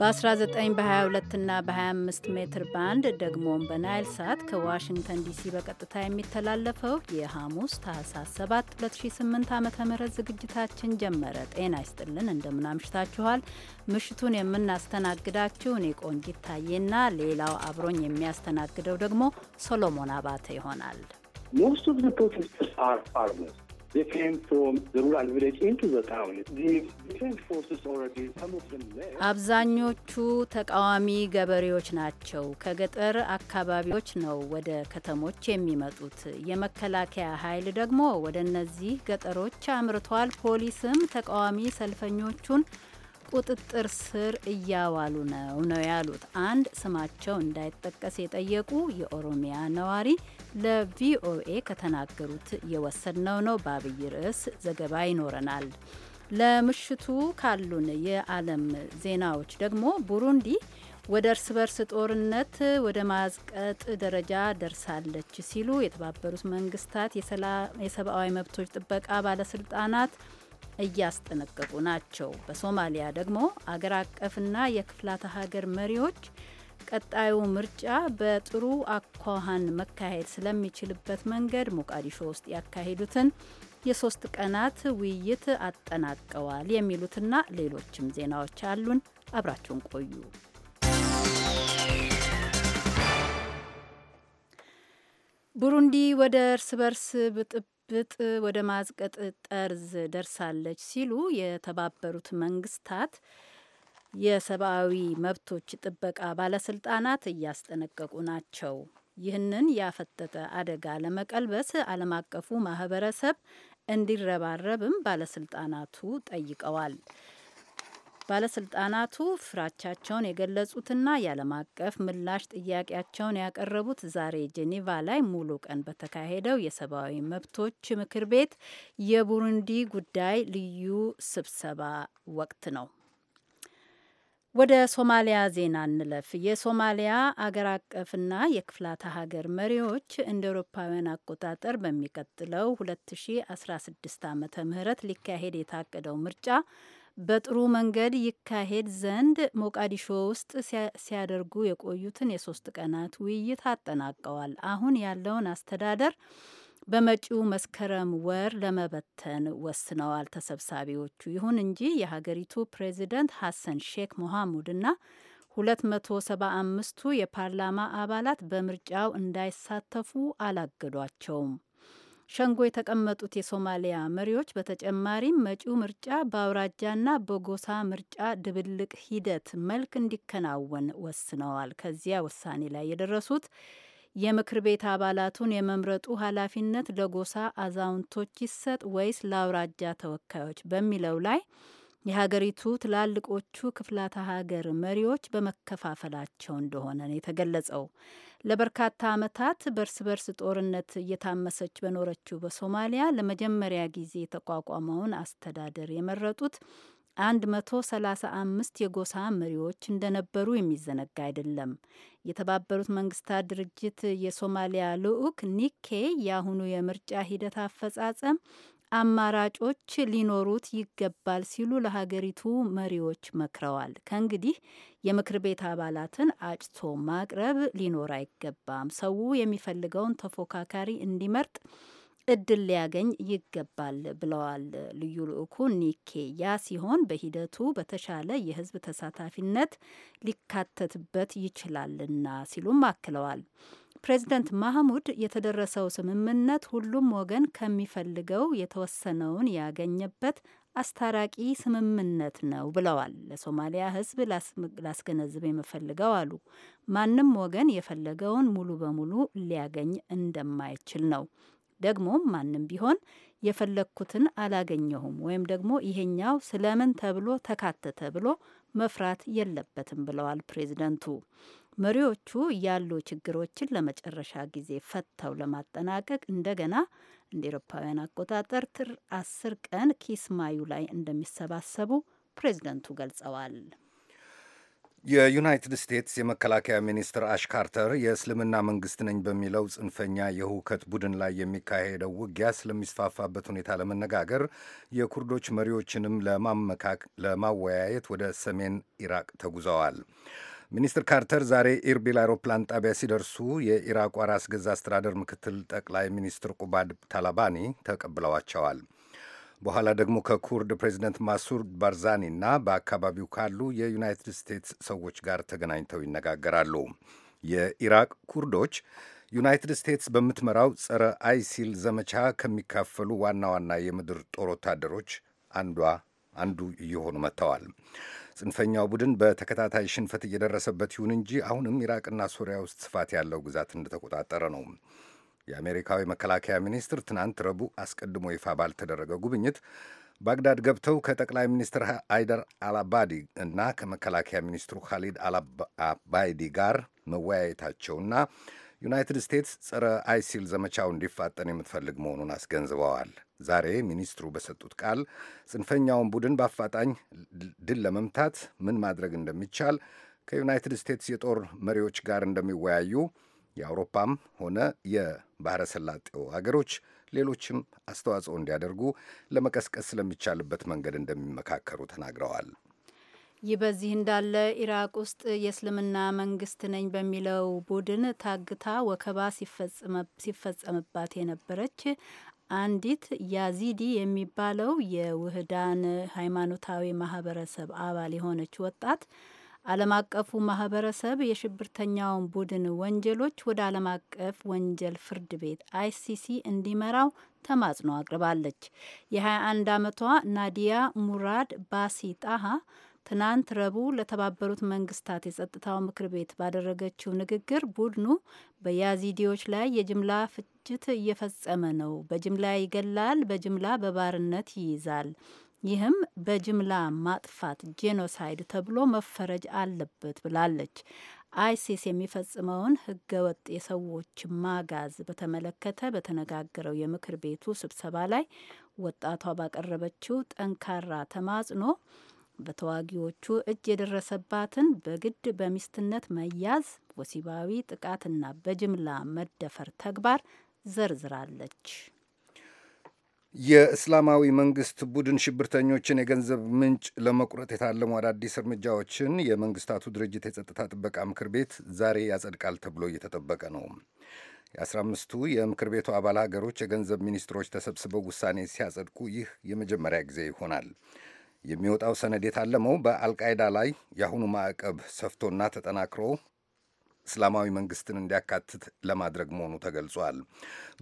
በ19 በ22 እና በ25 ሜትር ባንድ ደግሞም በናይል ሳት ከዋሽንግተን ዲሲ በቀጥታ የሚተላለፈው የሐሙስ ታህሳስ 7 2008 ዓ ም ዝግጅታችን ጀመረ። ጤና ይስጥልን፣ እንደምናምሽታችኋል። ምሽቱን የምናስተናግዳችሁ እኔ ቆንጂት ታዬና ሌላው አብሮኝ የሚያስተናግደው ደግሞ ሶሎሞን አባተ ይሆናል። ሞስት ኦፍ ፕሮቴስተርስ አር ፋርመርስ አብዛኞቹ ተቃዋሚ ገበሬዎች ናቸው። ከገጠር አካባቢዎች ነው ወደ ከተሞች የሚመጡት። የመከላከያ ኃይል ደግሞ ወደ እነዚህ ገጠሮች አምርቷል። ፖሊስም ተቃዋሚ ሰልፈኞቹን ቁጥጥር ስር እያዋሉ ነው ነው ያሉት አንድ ስማቸው እንዳይጠቀስ የጠየቁ የኦሮሚያ ነዋሪ ለቪኦኤ ከተናገሩት የወሰድነው ነው። በአብይ ርዕስ ዘገባ ይኖረናል። ለምሽቱ ካሉን የዓለም ዜናዎች ደግሞ ቡሩንዲ ወደ እርስ በርስ ጦርነት ወደ ማዝቀጥ ደረጃ ደርሳለች ሲሉ የተባበሩት መንግስታት የሰብአዊ መብቶች ጥበቃ ባለስልጣናት እያስጠነቀቁ ናቸው። በሶማሊያ ደግሞ አገር አቀፍና የክፍላተ ሀገር መሪዎች ቀጣዩ ምርጫ በጥሩ አኳኋን መካሄድ ስለሚችልበት መንገድ ሞቃዲሾ ውስጥ ያካሄዱትን የሶስት ቀናት ውይይት አጠናቀዋል የሚሉትና ሌሎችም ዜናዎች አሉን። አብራችሁን ቆዩ። ቡሩንዲ ወደ እርስ በርስ ብጥብጥ ወደ ማዝቀጥ ጠርዝ ደርሳለች ሲሉ የተባበሩት መንግስታት የሰብአዊ መብቶች ጥበቃ ባለስልጣናት እያስጠነቀቁ ናቸው። ይህንን ያፈጠጠ አደጋ ለመቀልበስ ዓለም አቀፉ ማህበረሰብ እንዲረባረብም ባለስልጣናቱ ጠይቀዋል። ባለስልጣናቱ ፍራቻቸውን የገለጹትና የዓለም አቀፍ ምላሽ ጥያቄያቸውን ያቀረቡት ዛሬ ጄኔቫ ላይ ሙሉ ቀን በተካሄደው የሰብአዊ መብቶች ምክር ቤት የቡሩንዲ ጉዳይ ልዩ ስብሰባ ወቅት ነው። ወደ ሶማሊያ ዜና እንለፍ። የሶማሊያ አገር አቀፍና የክፍላተ ሀገር መሪዎች እንደ አውሮፓውያን አቆጣጠር በሚቀጥለው 2016 ዓ ም ሊካሄድ የታቀደው ምርጫ በጥሩ መንገድ ይካሄድ ዘንድ ሞቃዲሾ ውስጥ ሲያደርጉ የቆዩትን የሶስት ቀናት ውይይት አጠናቀዋል። አሁን ያለውን አስተዳደር በመጪው መስከረም ወር ለመበተን ወስነዋል ተሰብሳቢዎቹ። ይሁን እንጂ የሀገሪቱ ፕሬዚደንት ሐሰን ሼክ ሞሐሙድና 275ቱ የፓርላማ አባላት በምርጫው እንዳይሳተፉ አላገዷቸውም። ሸንጎ የተቀመጡት የሶማሊያ መሪዎች በተጨማሪም መጪው ምርጫ በአውራጃና በጎሳ ምርጫ ድብልቅ ሂደት መልክ እንዲከናወን ወስነዋል። ከዚያ ውሳኔ ላይ የደረሱት የምክር ቤት አባላቱን የመምረጡ ኃላፊነት ለጎሳ አዛውንቶች ይሰጥ ወይስ ለአውራጃ ተወካዮች በሚለው ላይ የሀገሪቱ ትላልቆቹ ክፍላተ ሀገር መሪዎች በመከፋፈላቸው እንደሆነ ነው የተገለጸው። ለበርካታ ዓመታት በርስ በርስ ጦርነት እየታመሰች በኖረችው በሶማሊያ ለመጀመሪያ ጊዜ የተቋቋመውን አስተዳደር የመረጡት 135 የጎሳ መሪዎች እንደነበሩ የሚዘነጋ አይደለም። የተባበሩት መንግስታት ድርጅት የሶማሊያ ልዑክ ኒኬ የአሁኑ የምርጫ ሂደት አፈጻጸም አማራጮች ሊኖሩት ይገባል ሲሉ ለሀገሪቱ መሪዎች መክረዋል። ከእንግዲህ የምክር ቤት አባላትን አጭቶ ማቅረብ ሊኖር አይገባም። ሰው የሚፈልገውን ተፎካካሪ እንዲመርጥ እድል ሊያገኝ ይገባል ብለዋል። ልዩ ልዑኩ ኒኬ ያ ሲሆን በሂደቱ በተሻለ የህዝብ ተሳታፊነት ሊካተትበት ይችላልና ሲሉም አክለዋል። ፕሬዚደንት ማህሙድ የተደረሰው ስምምነት ሁሉም ወገን ከሚፈልገው የተወሰነውን ያገኘበት አስታራቂ ስምምነት ነው ብለዋል። ለሶማሊያ ህዝብ ላስገነዝብ የምፈልገው አሉ፣ ማንም ወገን የፈለገውን ሙሉ በሙሉ ሊያገኝ እንደማይችል ነው። ደግሞም ማንም ቢሆን የፈለግኩትን አላገኘሁም ወይም ደግሞ ይሄኛው ስለምን ተብሎ ተካተተ ብሎ መፍራት የለበትም ብለዋል ፕሬዚደንቱ። መሪዎቹ ያሉ ችግሮችን ለመጨረሻ ጊዜ ፈተው ለማጠናቀቅ እንደገና እንደ ኤሮፓውያን አቆጣጠር ጥር አስር ቀን ኪስማዩ ላይ እንደሚሰባሰቡ ፕሬዚደንቱ ገልጸዋል። የዩናይትድ ስቴትስ የመከላከያ ሚኒስትር አሽ ካርተር የእስልምና መንግስት ነኝ በሚለው ጽንፈኛ የህውከት ቡድን ላይ የሚካሄደው ውጊያ ስለሚስፋፋበት ሁኔታ ለመነጋገር የኩርዶች መሪዎችንም ለማመካክ ለማወያየት ወደ ሰሜን ኢራቅ ተጉዘዋል። ሚኒስትር ካርተር ዛሬ ኢርቢል አይሮፕላን ጣቢያ ሲደርሱ የኢራቋ ራስ ገዛ አስተዳደር ምክትል ጠቅላይ ሚኒስትር ቁባድ ታላባኒ ተቀብለዋቸዋል። በኋላ ደግሞ ከኩርድ ፕሬዚደንት ማሱድ ባርዛኒ እና በአካባቢው ካሉ የዩናይትድ ስቴትስ ሰዎች ጋር ተገናኝተው ይነጋገራሉ። የኢራቅ ኩርዶች ዩናይትድ ስቴትስ በምትመራው ጸረ አይሲል ዘመቻ ከሚካፈሉ ዋና ዋና የምድር ጦር ወታደሮች አንዷ አንዱ እየሆኑ መጥተዋል። ጽንፈኛው ቡድን በተከታታይ ሽንፈት እየደረሰበት ይሁን እንጂ አሁንም ኢራቅና ሶሪያ ውስጥ ስፋት ያለው ግዛት እንደተቆጣጠረ ነው። የአሜሪካዊ መከላከያ ሚኒስትር ትናንት ረቡዕ አስቀድሞ ይፋ ባልተደረገ ጉብኝት ባግዳድ ገብተው ከጠቅላይ ሚኒስትር አይደር አልአባዲ እና ከመከላከያ ሚኒስትሩ ካሊድ አልአባይዲ ጋር መወያየታቸውና ዩናይትድ ስቴትስ ጸረ አይሲል ዘመቻው እንዲፋጠን የምትፈልግ መሆኑን አስገንዝበዋል። ዛሬ ሚኒስትሩ በሰጡት ቃል ጽንፈኛውን ቡድን በአፋጣኝ ድል ለመምታት ምን ማድረግ እንደሚቻል ከዩናይትድ ስቴትስ የጦር መሪዎች ጋር እንደሚወያዩ የአውሮፓም ሆነ የባህረ ሰላጤው አገሮች ሌሎችም አስተዋጽኦ እንዲያደርጉ ለመቀስቀስ ስለሚቻልበት መንገድ እንደሚመካከሩ ተናግረዋል። ይህ በዚህ እንዳለ ኢራቅ ውስጥ የእስልምና መንግስት ነኝ በሚለው ቡድን ታግታ ወከባ ሲፈጸምባት የነበረች አንዲት ያዚዲ የሚባለው የውህዳን ሃይማኖታዊ ማህበረሰብ አባል የሆነች ወጣት ዓለም አቀፉ ማህበረሰብ የሽብርተኛውን ቡድን ወንጀሎች ወደ ዓለም አቀፍ ወንጀል ፍርድ ቤት አይሲሲ እንዲመራው ተማጽኖ አቅርባለች። የ21 ዓመቷ ናዲያ ሙራድ ባሲ ጣሃ ትናንት ረቡዕ ለተባበሩት መንግስታት የጸጥታው ምክር ቤት ባደረገችው ንግግር ቡድኑ በያዚዲዎች ላይ የጅምላ ፍጅት እየፈጸመ ነው፣ በጅምላ ይገላል፣ በጅምላ በባርነት ይይዛል ይህም በጅምላ ማጥፋት ጄኖሳይድ ተብሎ መፈረጅ አለበት ብላለች። አይሲስ የሚፈጽመውን ህገወጥ የሰዎች ማጋዝ በተመለከተ በተነጋገረው የምክር ቤቱ ስብሰባ ላይ ወጣቷ ባቀረበችው ጠንካራ ተማጽኖ በተዋጊዎቹ እጅ የደረሰባትን በግድ በሚስትነት መያዝ፣ ወሲባዊ ጥቃትና በጅምላ መደፈር ተግባር ዘርዝራለች። የእስላማዊ መንግስት ቡድን ሽብርተኞችን የገንዘብ ምንጭ ለመቁረጥ የታለሙ አዳዲስ እርምጃዎችን የመንግስታቱ ድርጅት የጸጥታ ጥበቃ ምክር ቤት ዛሬ ያጸድቃል ተብሎ እየተጠበቀ ነው። የአስራ አምስቱ የምክር ቤቱ አባል ሀገሮች የገንዘብ ሚኒስትሮች ተሰብስበው ውሳኔ ሲያጸድቁ ይህ የመጀመሪያ ጊዜ ይሆናል። የሚወጣው ሰነድ የታለመው በአልቃይዳ ላይ የአሁኑ ማዕቀብ ሰፍቶና ተጠናክሮ እስላማዊ መንግስትን እንዲያካትት ለማድረግ መሆኑ ተገልጿል።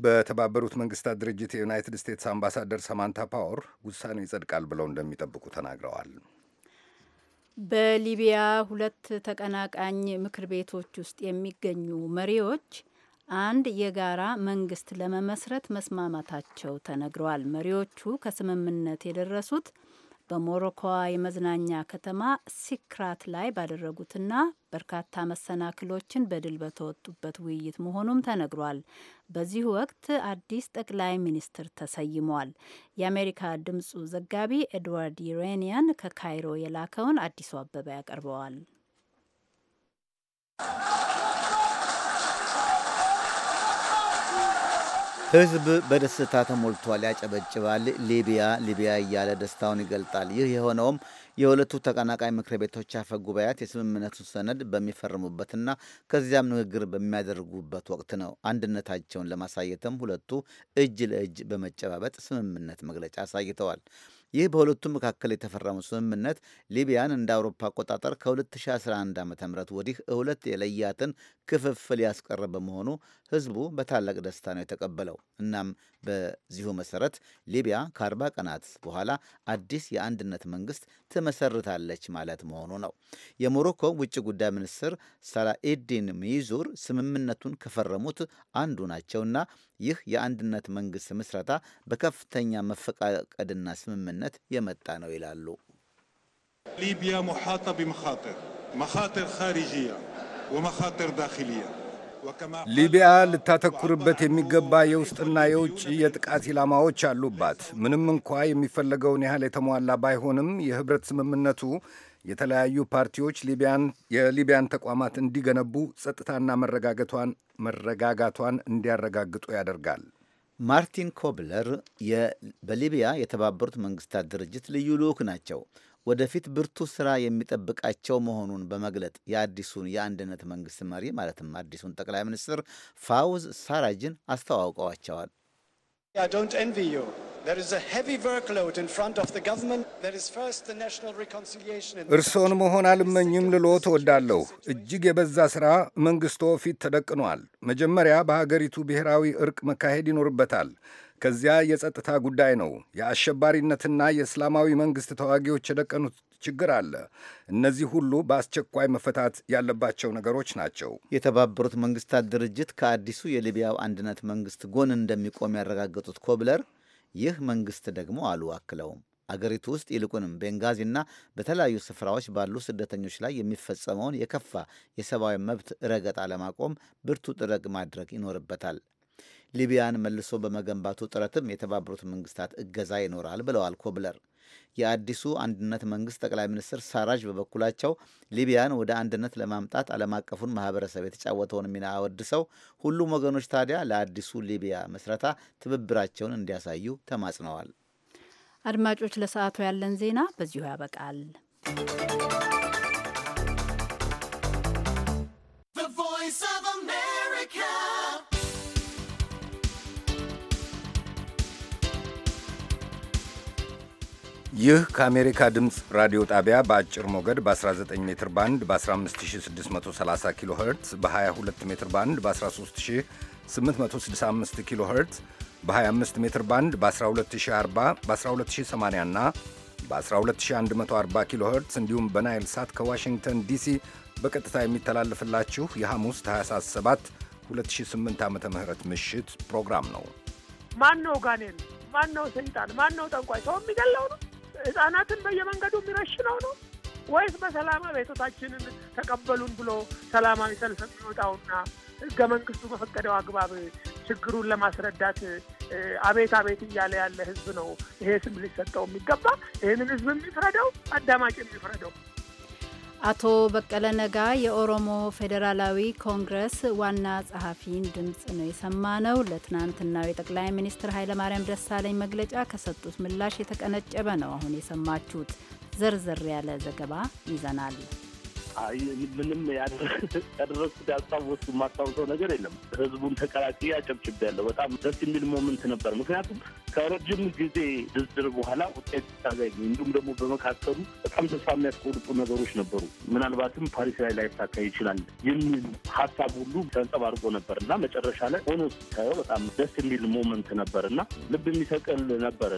በተባበሩት መንግስታት ድርጅት የዩናይትድ ስቴትስ አምባሳደር ሰማንታ ፓወር ውሳኔው ይጸድቃል ብለው እንደሚጠብቁ ተናግረዋል። በሊቢያ ሁለት ተቀናቃኝ ምክር ቤቶች ውስጥ የሚገኙ መሪዎች አንድ የጋራ መንግስት ለመመስረት መስማማታቸው ተነግረዋል። መሪዎቹ ከስምምነት የደረሱት በሞሮኮዋ የመዝናኛ ከተማ ሲክራት ላይ ባደረጉትና በርካታ መሰናክሎችን በድል በተወጡበት ውይይት መሆኑም ተነግሯል። በዚህ ወቅት አዲስ ጠቅላይ ሚኒስትር ተሰይሟል። የአሜሪካ ድምጹ ዘጋቢ ኤድዋርድ ዩሬኒያን ከካይሮ የላከውን አዲሱ አበባ ያቀርበዋል። ህዝብ በደስታ ተሞልቷል፣ ያጨበጭባል። ሊቢያ ሊቢያ እያለ ደስታውን ይገልጣል። ይህ የሆነውም የሁለቱ ተቀናቃይ ምክር ቤቶች አፈ ጉባኤያት የስምምነቱን ሰነድ በሚፈርሙበትና ከዚያም ንግግር በሚያደርጉበት ወቅት ነው። አንድነታቸውን ለማሳየትም ሁለቱ እጅ ለእጅ በመጨባበጥ ስምምነት መግለጫ አሳይተዋል። ይህ በሁለቱም መካከል የተፈረመው ስምምነት ሊቢያን እንደ አውሮፓ አቆጣጠር ከ2011 ዓ ም ወዲህ ሁለት የለያትን ክፍፍል ያስቀረ በመሆኑ ህዝቡ በታላቅ ደስታ ነው የተቀበለው። እናም በዚሁ መሰረት ሊቢያ ከአርባ ቀናት በኋላ አዲስ የአንድነት መንግስት ትመሰርታለች ማለት መሆኑ ነው። የሞሮኮ ውጭ ጉዳይ ሚኒስትር ሳላኢዲን ሚዙር ስምምነቱን ከፈረሙት አንዱ ናቸውና ይህ የአንድነት መንግስት ምስረታ በከፍተኛ መፈቃቀድና ስምምነት ስምምነት የመጣ ነው ይላሉ። ሊቢያ ሙሓጣ ብመኻጢር መኻጢር ኻሪጅያ ወመኻጢር ዳኽልያ ሊቢያ ልታተኩርበት የሚገባ የውስጥና የውጭ የጥቃት ኢላማዎች አሉባት። ምንም እንኳ የሚፈለገውን ያህል የተሟላ ባይሆንም የህብረት ስምምነቱ የተለያዩ ፓርቲዎች የሊቢያን ተቋማት እንዲገነቡ ጸጥታና መረጋጋቷን እንዲያረጋግጡ ያደርጋል። ማርቲን ኮብለር በሊቢያ የተባበሩት መንግስታት ድርጅት ልዩ ልዑክ ናቸው። ወደፊት ብርቱ ስራ የሚጠብቃቸው መሆኑን በመግለጥ የአዲሱን የአንድነት መንግስት መሪ ማለትም አዲሱን ጠቅላይ ሚኒስትር ፋውዝ ሳራጅን አስተዋውቀዋቸዋል። እርስዎን መሆን አልመኝም ልሎት እወዳለሁ። እጅግ የበዛ ሥራ መንግሥቶ ፊት ተደቅኗል። መጀመሪያ በሀገሪቱ ብሔራዊ እርቅ መካሄድ ይኖርበታል። ከዚያ የጸጥታ ጉዳይ ነው። የአሸባሪነትና የእስላማዊ መንግሥት ተዋጊዎች የደቀኑት ችግር አለ። እነዚህ ሁሉ በአስቸኳይ መፈታት ያለባቸው ነገሮች ናቸው። የተባበሩት መንግስታት ድርጅት ከአዲሱ የሊቢያው አንድነት መንግስት ጎን እንደሚቆም ያረጋገጡት ኮብለር ይህ መንግስት ደግሞ አሉ አክለውም አገሪቱ ውስጥ ይልቁንም ቤንጋዚና በተለያዩ ስፍራዎች ባሉ ስደተኞች ላይ የሚፈጸመውን የከፋ የሰብአዊ መብት ረገጣ ለማቆም ብርቱ ጥረት ማድረግ ይኖርበታል። ሊቢያን መልሶ በመገንባቱ ጥረትም የተባበሩት መንግስታት እገዛ ይኖራል ብለዋል ኮብለር። የአዲሱ አንድነት መንግስት ጠቅላይ ሚኒስትር ሳራጅ በበኩላቸው ሊቢያን ወደ አንድነት ለማምጣት ዓለም አቀፉን ማህበረሰብ የተጫወተውን ሚና አወድሰው ሁሉም ወገኖች ታዲያ ለአዲሱ ሊቢያ መስረታ ትብብራቸውን እንዲያሳዩ ተማጽነዋል። አድማጮች፣ ለሰዓቱ ያለን ዜና በዚሁ ያበቃል። ይህ ከአሜሪካ ድምፅ ራዲዮ ጣቢያ በአጭር ሞገድ በ19 ሜትር ባንድ በ15630 ኪሎ ኸርትዝ በ22 ሜትር ባንድ በ13865 ኪሎ ኸርትዝ በ25 ሜትር ባንድ በ12040 በ12080 እና በ12140 ኪሎ ኸርትዝ እንዲሁም በናይል ሳት ከዋሽንግተን ዲሲ በቀጥታ የሚተላለፍላችሁ የሐሙስ 27 2008 ዓ ም ምሽት ፕሮግራም ነው። ማን ነው ጋኔን? ማን ነው ሰይጣን? ማን ነው ጠንቋይ? ሰው የሚገለው ነው ህጻናትን በየመንገዱ የሚረሽነው ነው ወይስ በሰላም አቤቱታችንን ተቀበሉን ብሎ ሰላማዊ ሰልፍ የሚወጣውና ህገ መንግስቱ በፈቀደው አግባብ ችግሩን ለማስረዳት አቤት አቤት እያለ ያለ ህዝብ ነው ይሄ ስም ሊሰጠው የሚገባ። ይህንን ህዝብ የሚፍረደው አዳማጭ የሚፍረደው አቶ በቀለ ነጋ የኦሮሞ ፌዴራላዊ ኮንግረስ ዋና ጸሐፊን ድምፅ ነው የሰማነው። ለትናንትናው የጠቅላይ ሚኒስትር ኃይለማርያም ደሳለኝ መግለጫ ከሰጡት ምላሽ የተቀነጨበ ነው አሁን የሰማችሁት። ዘርዘር ያለ ዘገባ ይዘናል። ምንም ያደረግኩት ያስታወሱ የማስታውሰው ነገር የለም። ህዝቡን ተቀላቅዬ አጨብጭቤያለሁ። በጣም ደስ የሚል ሞመንት ነበር። ምክንያቱም ከረጅም ጊዜ ድርድር በኋላ ውጤት ሲታገኝ እንዲሁም ደግሞ በመካከሉ በጣም ተስፋ የሚያስቆርጡ ነገሮች ነበሩ። ምናልባትም ፓሪስ ላይ ላይሳካ ይችላል የሚል ሀሳብ ሁሉ ተንጸባርቆ ነበር እና መጨረሻ ላይ ሆኖ ስታየው በጣም ደስ የሚል ሞመንት ነበር እና ልብ የሚሰቅል ነበር።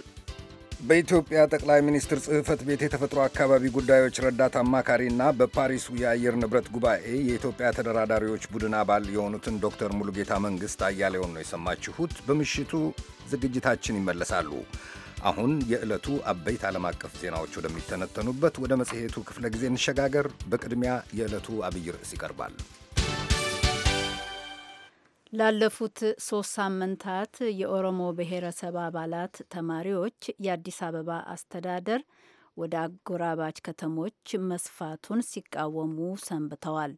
በኢትዮጵያ ጠቅላይ ሚኒስትር ጽህፈት ቤት የተፈጥሮ አካባቢ ጉዳዮች ረዳት አማካሪና በፓሪሱ የአየር ንብረት ጉባኤ የኢትዮጵያ ተደራዳሪዎች ቡድን አባል የሆኑትን ዶክተር ሙሉጌታ መንግሥት አያሌውን ነው የሰማችሁት። በምሽቱ ዝግጅታችን ይመለሳሉ። አሁን የዕለቱ አበይት ዓለም አቀፍ ዜናዎች ወደሚተነተኑበት ወደ መጽሔቱ ክፍለ ጊዜ እንሸጋገር። በቅድሚያ የዕለቱ አብይ ርዕስ ይቀርባል። ላለፉት ሶስት ሳምንታት የኦሮሞ ብሔረሰብ አባላት ተማሪዎች የአዲስ አበባ አስተዳደር ወደ አጎራባች ከተሞች መስፋቱን ሲቃወሙ ሰንብተዋል።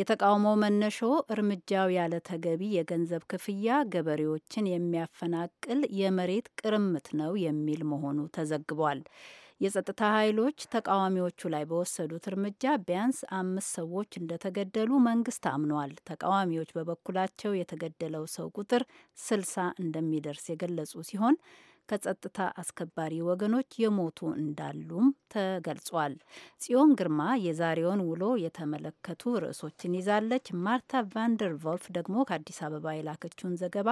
የተቃውሞ መነሾ እርምጃው ያለ ተገቢ የገንዘብ ክፍያ ገበሬዎችን የሚያፈናቅል የመሬት ቅርምት ነው የሚል መሆኑ ተዘግቧል። የጸጥታ ኃይሎች ተቃዋሚዎቹ ላይ በወሰዱት እርምጃ ቢያንስ አምስት ሰዎች እንደተገደሉ መንግስት አምኗል። ተቃዋሚዎች በበኩላቸው የተገደለው ሰው ቁጥር ስልሳ እንደሚደርስ የገለጹ ሲሆን ከጸጥታ አስከባሪ ወገኖች የሞቱ እንዳሉም ተገልጿል። ጽዮን ግርማ የዛሬውን ውሎ የተመለከቱ ርዕሶችን ይዛለች። ማርታ ቫንደር ቮልፍ ደግሞ ከአዲስ አበባ የላከችውን ዘገባ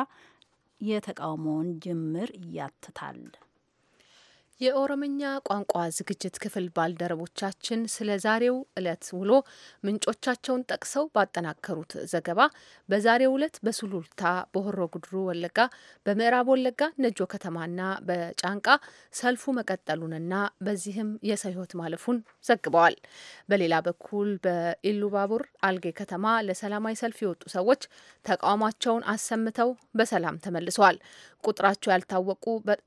የተቃውሞውን ጅምር ያትታል። የኦሮምኛ ቋንቋ ዝግጅት ክፍል ባልደረቦቻችን ስለ ዛሬው ዕለት ውሎ ምንጮቻቸውን ጠቅሰው ባጠናከሩት ዘገባ በዛሬው እለት በሱሉልታ፣ በሆሮ ጉድሩ ወለጋ፣ በምዕራብ ወለጋ ነጆ ከተማና በጫንቃ ሰልፉ መቀጠሉንና በዚህም የሰው ማለፉን ዘግበዋል። በሌላ በኩል በኢሉባቡር አልጌ ከተማ ለሰላማዊ ሰልፍ የወጡ ሰዎች ተቃውሟቸውን አሰምተው በሰላም ተመልሰዋል። ቁጥራቸው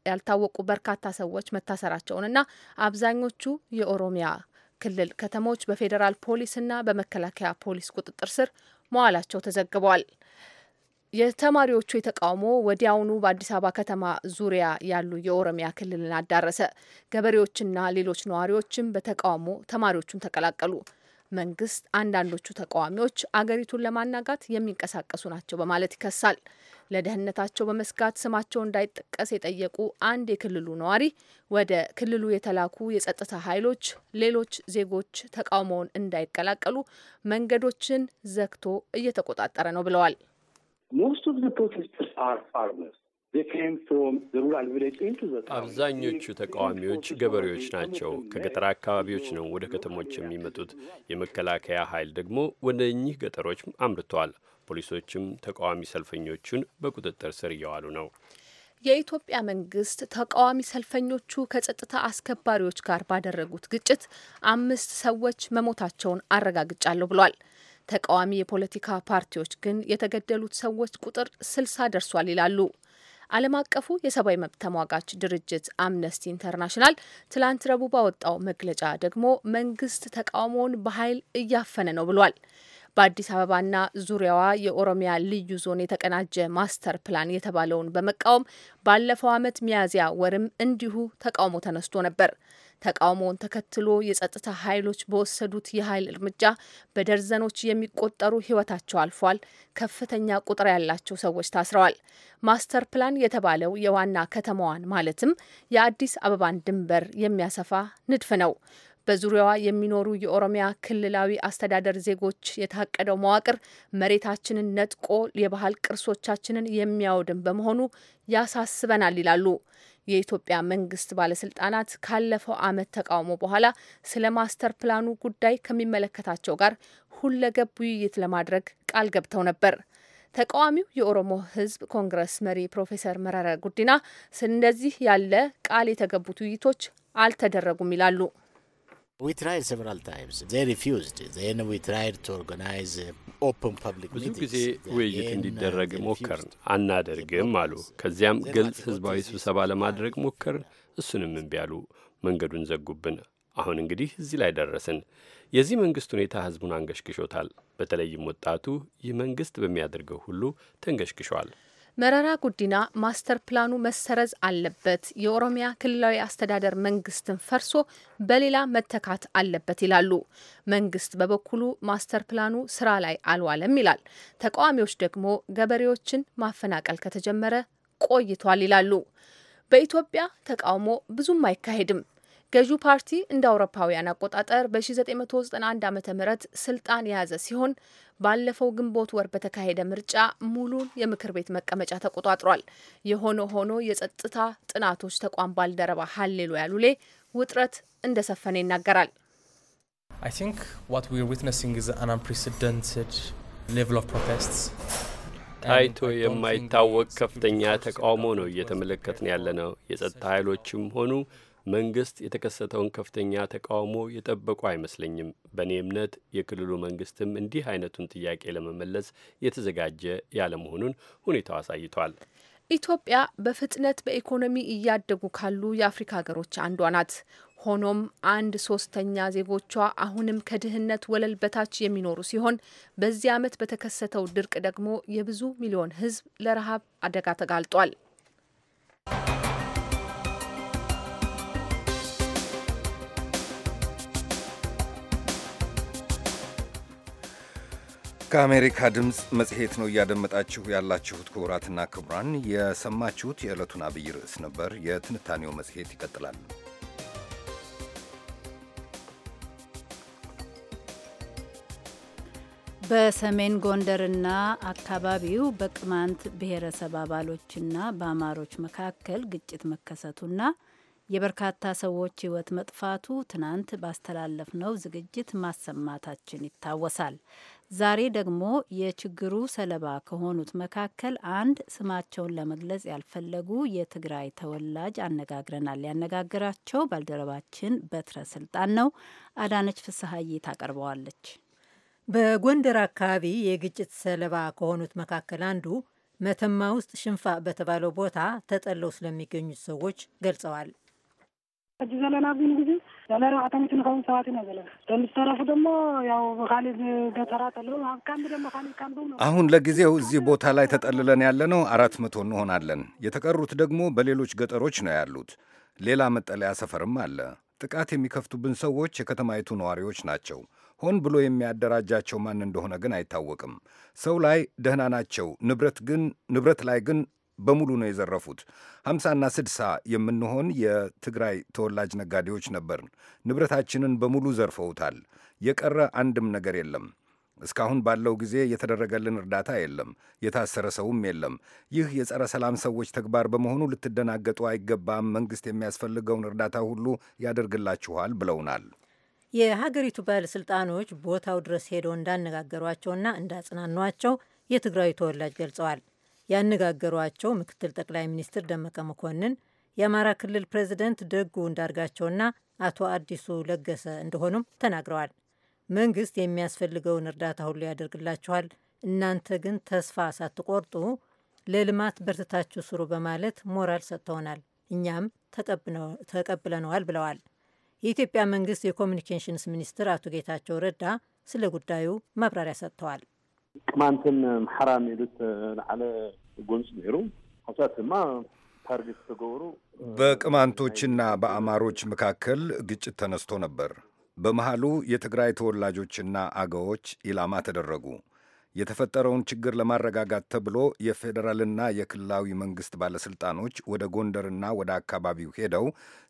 ያልታወቁ በርካታ ሰዎች መታሰራቸውንና አብዛኞቹ የኦሮሚያ ክልል ከተሞች በፌዴራል ፖሊስና በመከላከያ ፖሊስ ቁጥጥር ስር መዋላቸው ተዘግቧል። የተማሪዎቹ የተቃውሞ ወዲያውኑ በአዲስ አበባ ከተማ ዙሪያ ያሉ የኦሮሚያ ክልልን አዳረሰ። ገበሬዎችና ሌሎች ነዋሪዎችም በተቃውሞ ተማሪዎቹን ተቀላቀሉ። መንግስት አንዳንዶቹ ተቃዋሚዎች አገሪቱን ለማናጋት የሚንቀሳቀሱ ናቸው በማለት ይከሳል። ለደህንነታቸው በመስጋት ስማቸው እንዳይጠቀስ የጠየቁ አንድ የክልሉ ነዋሪ ወደ ክልሉ የተላኩ የጸጥታ ኃይሎች ሌሎች ዜጎች ተቃውሞውን እንዳይቀላቀሉ መንገዶችን ዘግቶ እየተቆጣጠረ ነው ብለዋል። አብዛኞቹ ተቃዋሚዎች ገበሬዎች ናቸው። ከገጠር አካባቢዎች ነው ወደ ከተሞች የሚመጡት። የመከላከያ ኃይል ደግሞ ወደ እኚህ ገጠሮች አምርተዋል። ፖሊሶችም ተቃዋሚ ሰልፈኞቹን በቁጥጥር ስር እየዋሉ ነው። የኢትዮጵያ መንግስት ተቃዋሚ ሰልፈኞቹ ከጸጥታ አስከባሪዎች ጋር ባደረጉት ግጭት አምስት ሰዎች መሞታቸውን አረጋግጫለሁ ብሏል። ተቃዋሚ የፖለቲካ ፓርቲዎች ግን የተገደሉት ሰዎች ቁጥር ስልሳ ደርሷል ይላሉ። ዓለም አቀፉ የሰብአዊ መብት ተሟጋች ድርጅት አምነስቲ ኢንተርናሽናል ትላንት ረቡዕ ባወጣው መግለጫ ደግሞ መንግስት ተቃውሞውን በኃይል እያፈነ ነው ብሏል። በአዲስ አበባና ዙሪያዋ የኦሮሚያ ልዩ ዞን የተቀናጀ ማስተር ፕላን የተባለውን በመቃወም ባለፈው ዓመት ሚያዝያ ወርም እንዲሁ ተቃውሞ ተነስቶ ነበር። ተቃውሞውን ተከትሎ የጸጥታ ኃይሎች በወሰዱት የኃይል እርምጃ በደርዘኖች የሚቆጠሩ ሕይወታቸው አልፏል። ከፍተኛ ቁጥር ያላቸው ሰዎች ታስረዋል። ማስተር ፕላን የተባለው የዋና ከተማዋን ማለትም የአዲስ አበባን ድንበር የሚያሰፋ ንድፍ ነው። በዙሪያዋ የሚኖሩ የኦሮሚያ ክልላዊ አስተዳደር ዜጎች የታቀደው መዋቅር መሬታችንን ነጥቆ የባህል ቅርሶቻችንን የሚያወድም በመሆኑ ያሳስበናል ይላሉ። የኢትዮጵያ መንግስት ባለስልጣናት ካለፈው ዓመት ተቃውሞ በኋላ ስለ ማስተር ፕላኑ ጉዳይ ከሚመለከታቸው ጋር ሁለገብ ውይይት ለማድረግ ቃል ገብተው ነበር። ተቃዋሚው የኦሮሞ ሕዝብ ኮንግረስ መሪ ፕሮፌሰር መረራ ጉዲና እንደዚህ ያለ ቃል የተገቡት ውይይቶች አልተደረጉም ይላሉ። Uh, ብዙ ጊዜ ውይይት uh, እንዲደረግ ሞከርን፣ አናደርግም አሉ። ከዚያም ግልጽ ህዝባዊ ስብሰባ ለማድረግ ሞከርን፣ እሱንም እምቢ አሉ። መንገዱን ዘጉብን። አሁን እንግዲህ እዚህ ላይ ደረስን። የዚህ መንግስት ሁኔታ ህዝቡን አንገሽግሾታል። በተለይም ወጣቱ ይህ መንግስት በሚያደርገው ሁሉ ተንገሽግሿል። መረራ ጉዲና ማስተር ፕላኑ መሰረዝ አለበት፣ የኦሮሚያ ክልላዊ አስተዳደር መንግስትን ፈርሶ በሌላ መተካት አለበት ይላሉ። መንግስት በበኩሉ ማስተር ፕላኑ ስራ ላይ አልዋለም ይላል። ተቃዋሚዎች ደግሞ ገበሬዎችን ማፈናቀል ከተጀመረ ቆይቷል ይላሉ። በኢትዮጵያ ተቃውሞ ብዙም አይካሄድም። ገዢው ፓርቲ እንደ አውሮፓውያን አቆጣጠር በ1991 ዓ ም ስልጣን የያዘ ሲሆን ባለፈው ግንቦት ወር በተካሄደ ምርጫ ሙሉን የምክር ቤት መቀመጫ ተቆጣጥሯል። የሆነ ሆኖ የጸጥታ ጥናቶች ተቋም ባልደረባ ሀሌሎ ያሉሌ ውጥረት እንደሰፈነ ይናገራል። ታይቶ የማይታወቅ ከፍተኛ ተቃውሞ ነው እየተመለከትን ያለ ነው። የጸጥታ ኃይሎችም ሆኑ መንግስት የተከሰተውን ከፍተኛ ተቃውሞ የጠበቁ አይመስለኝም። በእኔ እምነት የክልሉ መንግስትም እንዲህ አይነቱን ጥያቄ ለመመለስ የተዘጋጀ ያለመሆኑን ሁኔታው አሳይቷል። ኢትዮጵያ በፍጥነት በኢኮኖሚ እያደጉ ካሉ የአፍሪካ ሀገሮች አንዷ ናት። ሆኖም አንድ ሶስተኛ ዜጎቿ አሁንም ከድህነት ወለል በታች የሚኖሩ ሲሆን በዚህ ዓመት በተከሰተው ድርቅ ደግሞ የብዙ ሚሊዮን ሕዝብ ለረሃብ አደጋ ተጋልጧል። ከአሜሪካ ድምፅ መጽሔት ነው እያደመጣችሁ ያላችሁት። ክቡራትና ክቡራን የሰማችሁት የዕለቱን አብይ ርዕስ ነበር። የትንታኔው መጽሔት ይቀጥላል። በሰሜን ጎንደርና አካባቢው በቅማንት ብሔረሰብ አባሎችና በአማሮች መካከል ግጭት መከሰቱና የበርካታ ሰዎች ሕይወት መጥፋቱ ትናንት ባስተላለፍነው ዝግጅት ማሰማታችን ይታወሳል። ዛሬ ደግሞ የችግሩ ሰለባ ከሆኑት መካከል አንድ ስማቸውን ለመግለጽ ያልፈለጉ የትግራይ ተወላጅ አነጋግረናል። ያነጋግራቸው ባልደረባችን በትረ ስልጣን ነው። አዳነች ፍስሀዬ ታቀርበዋለች። በጎንደር አካባቢ የግጭት ሰለባ ከሆኑት መካከል አንዱ መተማ ውስጥ ሽንፋ በተባለው ቦታ ተጠለው ስለሚገኙት ሰዎች ገልጸዋል። ሕጂ ዘለና ግን ግዜ ዘለና ኣቶም ክንኸውን ሰባት ኢና ዘለና ደምዝተረፉ ደሞ ያው ብካሊእ ገጠራት ኣለዉ ኣብ ካምቢ ደሞ ካሊእ ካምቢ አሁን ለጊዜው እዚህ ቦታ ላይ ተጠልለን ያለ ነው አራት መቶ እንሆናለን። የተቀሩት ደግሞ በሌሎች ገጠሮች ነው ያሉት። ሌላ መጠለያ ሰፈርም አለ። ጥቃት የሚከፍቱብን ሰዎች የከተማይቱ ነዋሪዎች ናቸው። ሆን ብሎ የሚያደራጃቸው ማን እንደሆነ ግን አይታወቅም። ሰው ላይ ደህና ናቸው፣ ንብረት ግን ንብረት ላይ ግን በሙሉ ነው የዘረፉት። ሀምሳና ስድሳ የምንሆን የትግራይ ተወላጅ ነጋዴዎች ነበርን። ንብረታችንን በሙሉ ዘርፈውታል። የቀረ አንድም ነገር የለም። እስካሁን ባለው ጊዜ የተደረገልን እርዳታ የለም። የታሰረ ሰውም የለም። ይህ የጸረ ሰላም ሰዎች ተግባር በመሆኑ ልትደናገጡ አይገባም። መንግሥት የሚያስፈልገውን እርዳታ ሁሉ ያደርግላችኋል ብለውናል። የሀገሪቱ ባለሥልጣኖች ቦታው ድረስ ሄደው እንዳነጋገሯቸውና እንዳጽናኗቸው የትግራዩ ተወላጅ ገልጸዋል። ያነጋገሯቸው ምክትል ጠቅላይ ሚኒስትር ደመቀ መኮንን የአማራ ክልል ፕሬዚደንት ደጉ እንዳርጋቸውና አቶ አዲሱ ለገሰ እንደሆኑም ተናግረዋል። መንግስት የሚያስፈልገውን እርዳታ ሁሉ ያደርግላችኋል፣ እናንተ ግን ተስፋ ሳትቆርጡ ለልማት በርትታችሁ ስሩ በማለት ሞራል ሰጥተውናል፣ እኛም ተቀብለነዋል ብለዋል። የኢትዮጵያ መንግስት የኮሚኒኬሽንስ ሚኒስትር አቶ ጌታቸው ረዳ ስለ ጉዳዩ ማብራሪያ ሰጥተዋል። ቅማንትን ምሓራን ኢሉት ላዕለ ጎንፂ ነይሩ ካብሳት ድማ ታርጌት ተገብሩ በቅማንቶችና በአማሮች መካከል ግጭት ተነስቶ ነበር። በመሃሉ የትግራይ ተወላጆችና አገዎች ኢላማ ተደረጉ። የተፈጠረውን ችግር ለማረጋጋት ተብሎ የፌዴራልና የክልላዊ መንግሥት ባለሥልጣኖች ወደ ጎንደርና ወደ አካባቢው ሄደው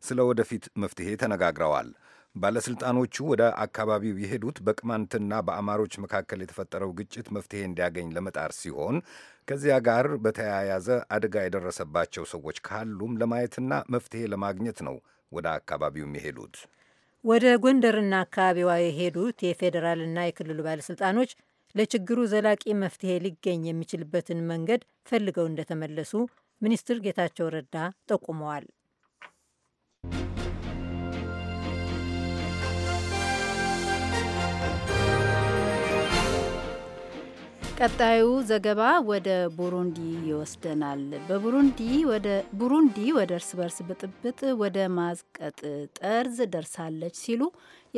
ስለ ወደፊት መፍትሔ ተነጋግረዋል። ባለስልጣኖቹ ወደ አካባቢው የሄዱት በቅማንትና በአማሮች መካከል የተፈጠረው ግጭት መፍትሄ እንዲያገኝ ለመጣር ሲሆን ከዚያ ጋር በተያያዘ አደጋ የደረሰባቸው ሰዎች ካሉም ለማየትና መፍትሄ ለማግኘት ነው ወደ አካባቢው የሄዱት። ወደ ጎንደርና አካባቢዋ የሄዱት የፌዴራልና የክልሉ ባለስልጣኖች ለችግሩ ዘላቂ መፍትሄ ሊገኝ የሚችልበትን መንገድ ፈልገው እንደተመለሱ ሚኒስትር ጌታቸው ረዳ ጠቁመዋል። ቀጣዩ ዘገባ ወደ ቡሩንዲ ይወስደናል። በቡሩንዲ ወደ ቡሩንዲ ወደ እርስ በርስ ብጥብጥ ወደ ማዝቀጥ ጠርዝ ደርሳለች ሲሉ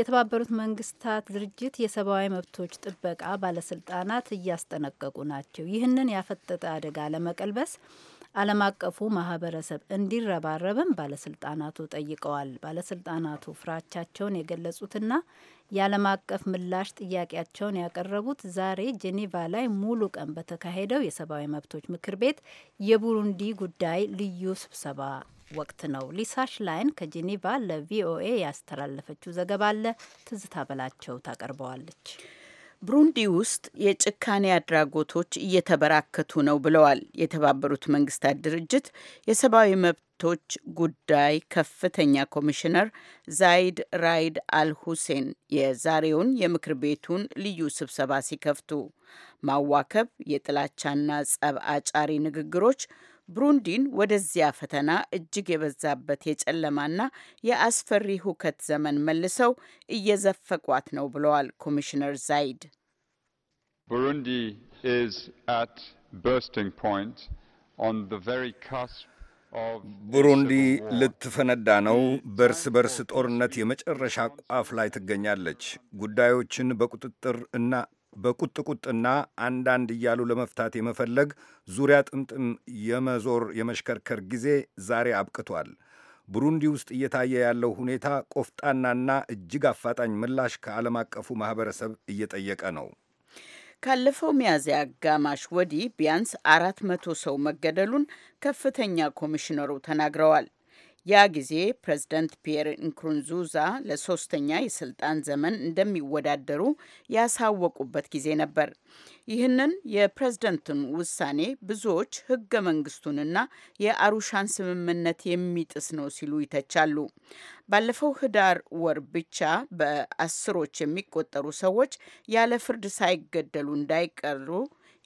የተባበሩት መንግስታት ድርጅት የሰብአዊ መብቶች ጥበቃ ባለስልጣናት እያስጠነቀቁ ናቸው። ይህንን ያፈጠጠ አደጋ ለመቀልበስ ዓለም አቀፉ ማህበረሰብ እንዲረባረብም ባለስልጣናቱ ጠይቀዋል። ባለስልጣናቱ ፍራቻቸውን የገለጹትና የዓለም አቀፍ ምላሽ ጥያቄያቸውን ያቀረቡት ዛሬ ጄኔቫ ላይ ሙሉ ቀን በተካሄደው የሰብአዊ መብቶች ምክር ቤት የቡሩንዲ ጉዳይ ልዩ ስብሰባ ወቅት ነው። ሊሳሽ ላይን ከጄኔቫ ለቪኦኤ ያስተላለፈችው ዘገባ አለ። ትዝታ በላቸው ታቀርበዋለች። ብሩንዲ ውስጥ የጭካኔ አድራጎቶች እየተበራከቱ ነው ብለዋል የተባበሩት መንግስታት ድርጅት የሰብአዊ መብቶች ጉዳይ ከፍተኛ ኮሚሽነር ዛይድ ራይድ አልሁሴን የዛሬውን የምክር ቤቱን ልዩ ስብሰባ ሲከፍቱ። ማዋከብ፣ የጥላቻና ጸብ አጫሪ ንግግሮች ብሩንዲን ወደዚያ ፈተና እጅግ የበዛበት የጨለማና የአስፈሪ ሁከት ዘመን መልሰው እየዘፈቋት ነው ብለዋል ኮሚሽነር ዛይድ። ብሩንዲ ኢዝ ቡሩንዲ ልትፈነዳ ነው። በርስ በርስ ጦርነት የመጨረሻ ቋፍ ላይ ትገኛለች። ጉዳዮችን በቁጥጥር እና በቁጥቁጥና አንዳንድ እያሉ ለመፍታት የመፈለግ ዙሪያ ጥምጥም የመዞር የመሽከርከር ጊዜ ዛሬ አብቅቷል። ቡሩንዲ ውስጥ እየታየ ያለው ሁኔታ ቆፍጣናና እጅግ አፋጣኝ ምላሽ ከዓለም አቀፉ ማህበረሰብ እየጠየቀ ነው። ካለፈው ሚያዝያ አጋማሽ ወዲህ ቢያንስ አራት መቶ ሰው መገደሉን ከፍተኛ ኮሚሽነሩ ተናግረዋል። ያ ጊዜ ፕሬዝደንት ፒየር ንኩሩንዙዛ ለሶስተኛ የስልጣን ዘመን እንደሚወዳደሩ ያሳወቁበት ጊዜ ነበር። ይህንን የፕሬዝደንትን ውሳኔ ብዙዎች ህገ መንግስቱንና የአሩሻን ስምምነት የሚጥስ ነው ሲሉ ይተቻሉ። ባለፈው ህዳር ወር ብቻ በአስሮች የሚቆጠሩ ሰዎች ያለ ፍርድ ሳይገደሉ እንዳይቀሩ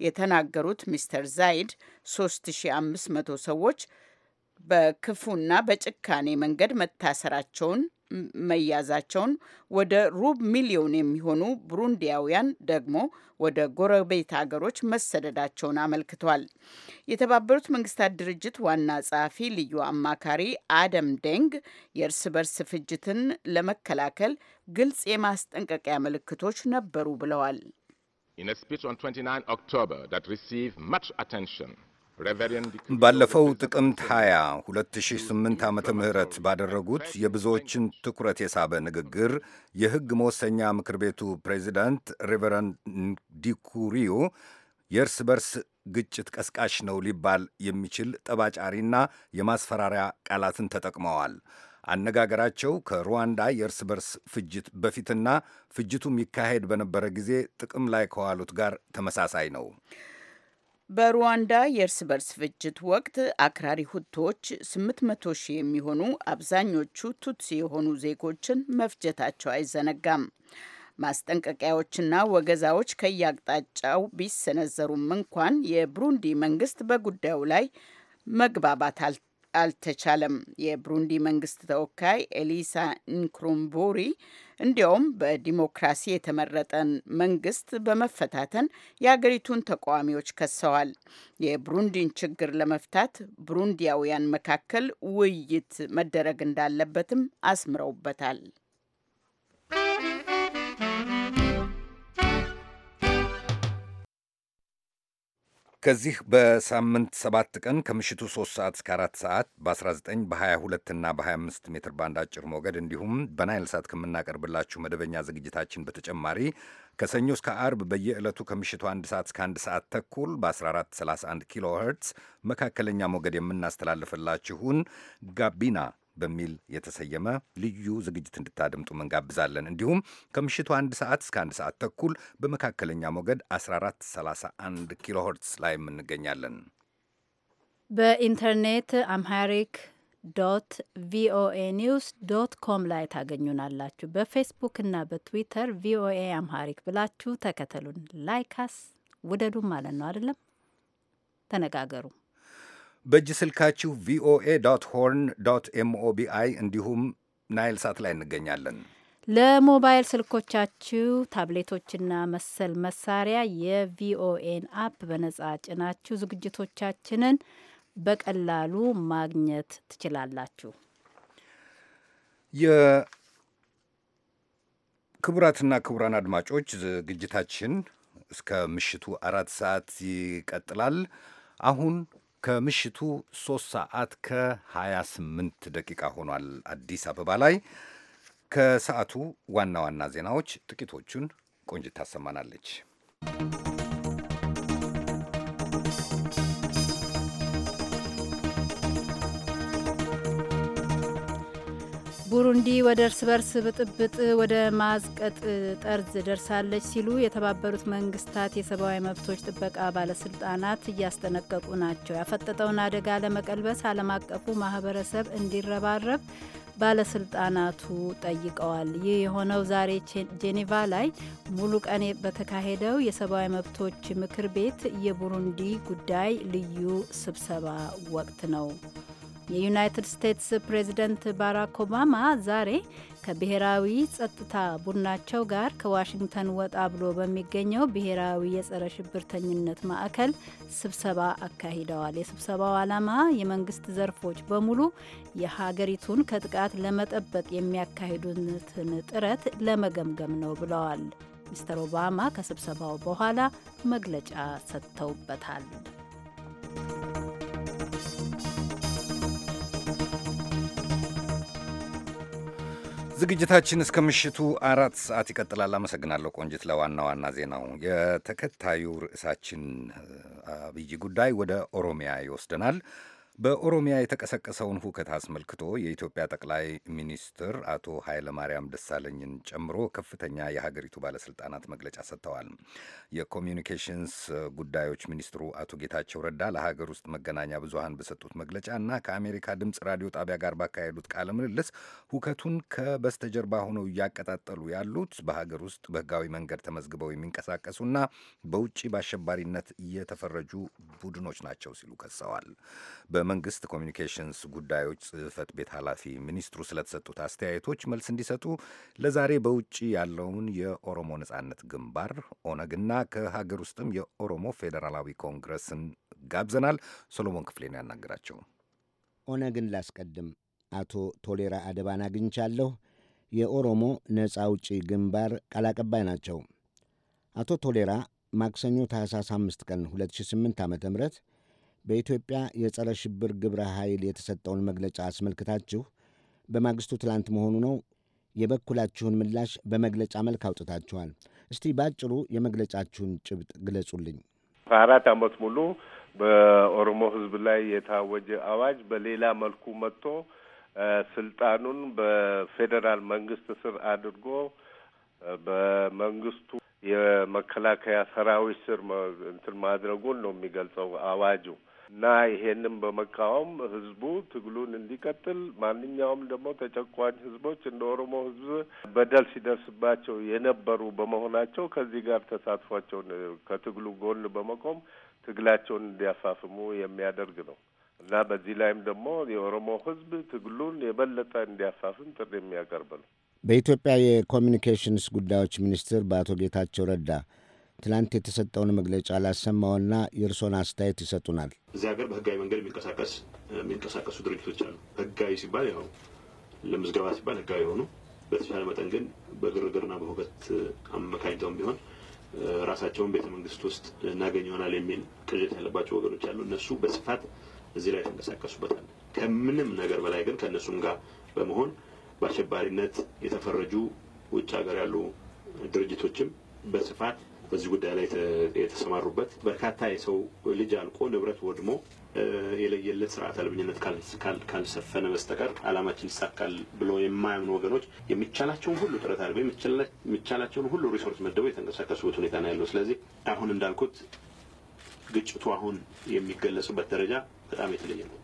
የተናገሩት ሚስተር ዛይድ 3500 ሰዎች በክፉና በጭካኔ መንገድ መታሰራቸውን መያዛቸውን ወደ ሩብ ሚሊዮን የሚሆኑ ብሩንዲያውያን ደግሞ ወደ ጎረቤት አገሮች መሰደዳቸውን አመልክቷል። የተባበሩት መንግስታት ድርጅት ዋና ጸሐፊ ልዩ አማካሪ አደም ደንግ የእርስ በርስ ፍጅትን ለመከላከል ግልጽ የማስጠንቀቂያ ምልክቶች ነበሩ ብለዋል። In a speech on 29 October that received much attention, ባለፈው ጥቅምት 20 2008 ዓ ም ባደረጉት የብዙዎችን ትኩረት የሳበ ንግግር የሕግ መወሰኛ ምክር ቤቱ ፕሬዚዳንት ሬቨረንድ ዲኩሪዮ የእርስ በርስ ግጭት ቀስቃሽ ነው ሊባል የሚችል ጠባጫሪና የማስፈራሪያ ቃላትን ተጠቅመዋል። አነጋገራቸው ከሩዋንዳ የእርስ በርስ ፍጅት በፊትና ፍጅቱ የሚካሄድ በነበረ ጊዜ ጥቅም ላይ ከዋሉት ጋር ተመሳሳይ ነው። በሩዋንዳ የእርስ በርስ ፍጅት ወቅት አክራሪ ሁቶች 800 ሺህ የሚሆኑ አብዛኞቹ ቱትሲ የሆኑ ዜጎችን መፍጀታቸው አይዘነጋም። ማስጠንቀቂያዎችና ወገዛዎች ከየአቅጣጫው ቢሰነዘሩም እንኳን የብሩንዲ መንግስት በጉዳዩ ላይ መግባባት አልተቻለም። የብሩንዲ መንግስት ተወካይ ኤሊሳ ንክሩምቡሪ እንዲያውም በዲሞክራሲ የተመረጠን መንግስት በመፈታተን የአገሪቱን ተቃዋሚዎች ከሰዋል። የብሩንዲን ችግር ለመፍታት ብሩንዲያውያን መካከል ውይይት መደረግ እንዳለበትም አስምረውበታል። ከዚህ በሳምንት ሰባት ቀን ከምሽቱ 3 ሰዓት እስከ 4 ሰዓት በ19 በ22 እና በ25 ሜትር ባንድ አጭር ሞገድ እንዲሁም በናይል ሳት ከምናቀርብላችሁ መደበኛ ዝግጅታችን በተጨማሪ ከሰኞ እስከ አርብ በየዕለቱ ከምሽቱ 1 ሰዓት እስከ 1 ሰዓት ተኩል በ1431 ኪሎ ሄርትስ መካከለኛ ሞገድ የምናስተላልፍላችሁን ጋቢና በሚል የተሰየመ ልዩ ዝግጅት እንድታደምጡ እንጋብዛለን። እንዲሁም ከምሽቱ አንድ ሰዓት እስከ አንድ ሰዓት ተኩል በመካከለኛ ሞገድ 1431 ኪሎሆርትስ ላይ እንገኛለን። በኢንተርኔት አምሃሪክ ዶት ቪኦኤ ኒውስ ዶት ኮም ላይ ታገኙናላችሁ። በፌስቡክ እና በትዊተር ቪኦኤ አምሃሪክ ብላችሁ ተከተሉን። ላይካስ ውደዱ ማለት ነው አይደለም? ተነጋገሩ። በእጅ ስልካችሁ ቪኦኤ ዶት ሆርን ዶት ኤምኦቢአይ እንዲሁም ናይል ሳት ላይ እንገኛለን። ለሞባይል ስልኮቻችሁ ታብሌቶችና መሰል መሳሪያ የቪኦኤን አፕ በነጻ ጭናችሁ ዝግጅቶቻችንን በቀላሉ ማግኘት ትችላላችሁ። የክቡራትና ክቡራን አድማጮች ዝግጅታችን እስከ ምሽቱ አራት ሰዓት ይቀጥላል። አሁን ከምሽቱ 3 ሰዓት ከ28 ደቂቃ ሆኗል። አዲስ አበባ ላይ ከሰዓቱ ዋና ዋና ዜናዎች ጥቂቶቹን ቆንጅት ታሰማናለች። ቡሩንዲ ወደ እርስ በርስ ብጥብጥ ወደ ማዝቀጥ ጠርዝ ደርሳለች ሲሉ የተባበሩት መንግስታት የሰብአዊ መብቶች ጥበቃ ባለስልጣናት እያስጠነቀቁ ናቸው። ያፈጠጠውን አደጋ ለመቀልበስ ዓለም አቀፉ ማህበረሰብ እንዲረባረብ ባለስልጣናቱ ጠይቀዋል። ይህ የሆነው ዛሬ ጄኔቫ ላይ ሙሉ ቀን በተካሄደው የሰብአዊ መብቶች ምክር ቤት የቡሩንዲ ጉዳይ ልዩ ስብሰባ ወቅት ነው። የዩናይትድ ስቴትስ ፕሬዝደንት ባራክ ኦባማ ዛሬ ከብሔራዊ ጸጥታ ቡድናቸው ጋር ከዋሽንግተን ወጣ ብሎ በሚገኘው ብሔራዊ የጸረ ሽብርተኝነት ማዕከል ስብሰባ አካሂደዋል። የስብሰባው ዓላማ የመንግስት ዘርፎች በሙሉ የሀገሪቱን ከጥቃት ለመጠበቅ የሚያካሂዱትን ጥረት ለመገምገም ነው ብለዋል። ሚስተር ኦባማ ከስብሰባው በኋላ መግለጫ ሰጥተውበታል። ዝግጅታችን እስከ ምሽቱ አራት ሰዓት ይቀጥላል። አመሰግናለሁ ቆንጅት ለዋና ዋና ዜናው። የተከታዩ ርዕሳችን አብይ ጉዳይ ወደ ኦሮሚያ ይወስደናል። በኦሮሚያ የተቀሰቀሰውን ሁከት አስመልክቶ የኢትዮጵያ ጠቅላይ ሚኒስትር አቶ ኃይለማርያም ደሳለኝን ጨምሮ ከፍተኛ የሀገሪቱ ባለስልጣናት መግለጫ ሰጥተዋል። የኮሚዩኒኬሽንስ ጉዳዮች ሚኒስትሩ አቶ ጌታቸው ረዳ ለሀገር ውስጥ መገናኛ ብዙሃን በሰጡት መግለጫ እና ከአሜሪካ ድምፅ ራዲዮ ጣቢያ ጋር ባካሄዱት ቃለ ምልልስ ሁከቱን ከበስተጀርባ ሆነው እያቀጣጠሉ ያሉት በሀገር ውስጥ በህጋዊ መንገድ ተመዝግበው የሚንቀሳቀሱና በውጭ በአሸባሪነት የተፈረጁ ቡድኖች ናቸው ሲሉ ከሰዋል። የመንግስት ኮሚኒኬሽንስ ጉዳዮች ጽህፈት ቤት ኃላፊ ሚኒስትሩ ስለተሰጡት አስተያየቶች መልስ እንዲሰጡ ለዛሬ በውጭ ያለውን የኦሮሞ ነጻነት ግንባር ኦነግና ከሀገር ውስጥም የኦሮሞ ፌዴራላዊ ኮንግረስን ጋብዘናል። ሶሎሞን ክፍሌን ያናገራቸው ኦነግን ላስቀድም። አቶ ቶሌራ አደባን አግኝቻለሁ። የኦሮሞ ነጻ አውጪ ግንባር ቃል አቀባይ ናቸው። አቶ ቶሌራ ማክሰኞ ታህሳስ 5 ቀን 2008 ዓ ም በኢትዮጵያ የጸረ ሽብር ግብረ ኃይል የተሰጠውን መግለጫ አስመልክታችሁ በማግስቱ ትላንት መሆኑ ነው የበኩላችሁን ምላሽ በመግለጫ መልክ አውጥታችኋል። እስቲ ባጭሩ የመግለጫችሁን ጭብጥ ግለጹልኝ። ከአራት ዓመት ሙሉ በኦሮሞ ሕዝብ ላይ የታወጀ አዋጅ በሌላ መልኩ መጥቶ ስልጣኑን በፌዴራል መንግስት ስር አድርጎ በመንግስቱ የመከላከያ ሰራዊት ስር እንትን ማድረጉን ነው የሚገልጸው አዋጁ። እና ይሄንም በመቃወም ህዝቡ ትግሉን እንዲቀጥል ማንኛውም ደግሞ ተጨቋኝ ህዝቦች እንደ ኦሮሞ ህዝብ በደል ሲደርስባቸው የነበሩ በመሆናቸው ከዚህ ጋር ተሳትፏቸውን ከትግሉ ጎን በመቆም ትግላቸውን እንዲያፋፍሙ የሚያደርግ ነው እና በዚህ ላይም ደግሞ የኦሮሞ ህዝብ ትግሉን የበለጠ እንዲያፋፍም ጥሪ የሚያቀርብ ነው። በኢትዮጵያ የኮሚኒኬሽንስ ጉዳዮች ሚኒስትር በአቶ ጌታቸው ረዳ ትላንት የተሰጠውን መግለጫ ላሰማውና የእርሶን አስተያየት ይሰጡናል። እዚህ ሀገር በህጋዊ መንገድ የሚንቀሳቀስ የሚንቀሳቀሱ ድርጅቶች አሉ። ህጋዊ ሲባል ያው ለምዝገባ ሲባል ህጋዊ የሆኑ በተቻለ መጠን ግን በግርግርና በሁከት አመካኝተውም ቢሆን ራሳቸውን ቤተ መንግስት ውስጥ እናገኝ ይሆናል የሚል ቅዠት ያለባቸው ወገኖች አሉ። እነሱ በስፋት እዚህ ላይ ተንቀሳቀሱበታል። ከምንም ነገር በላይ ግን ከእነሱም ጋር በመሆን በአሸባሪነት የተፈረጁ ውጭ ሀገር ያሉ ድርጅቶችም በስፋት በዚህ ጉዳይ ላይ የተሰማሩበት በርካታ የሰው ልጅ አልቆ ንብረት ወድሞ የለየለት ስርዓት አልብኝነት ካልሰፈነ በስተቀር አላማችን ይሳካል ብሎ የማያምኑ ወገኖች የሚቻላቸውን ሁሉ ጥረት አድርገው የሚቻላቸውን ሁሉ ሪሶርስ መደበው የተንቀሳቀሱበት ሁኔታ ነው ያለው። ስለዚህ አሁን እንዳልኩት ግጭቱ አሁን የሚገለጽበት ደረጃ በጣም የተለየ ነው።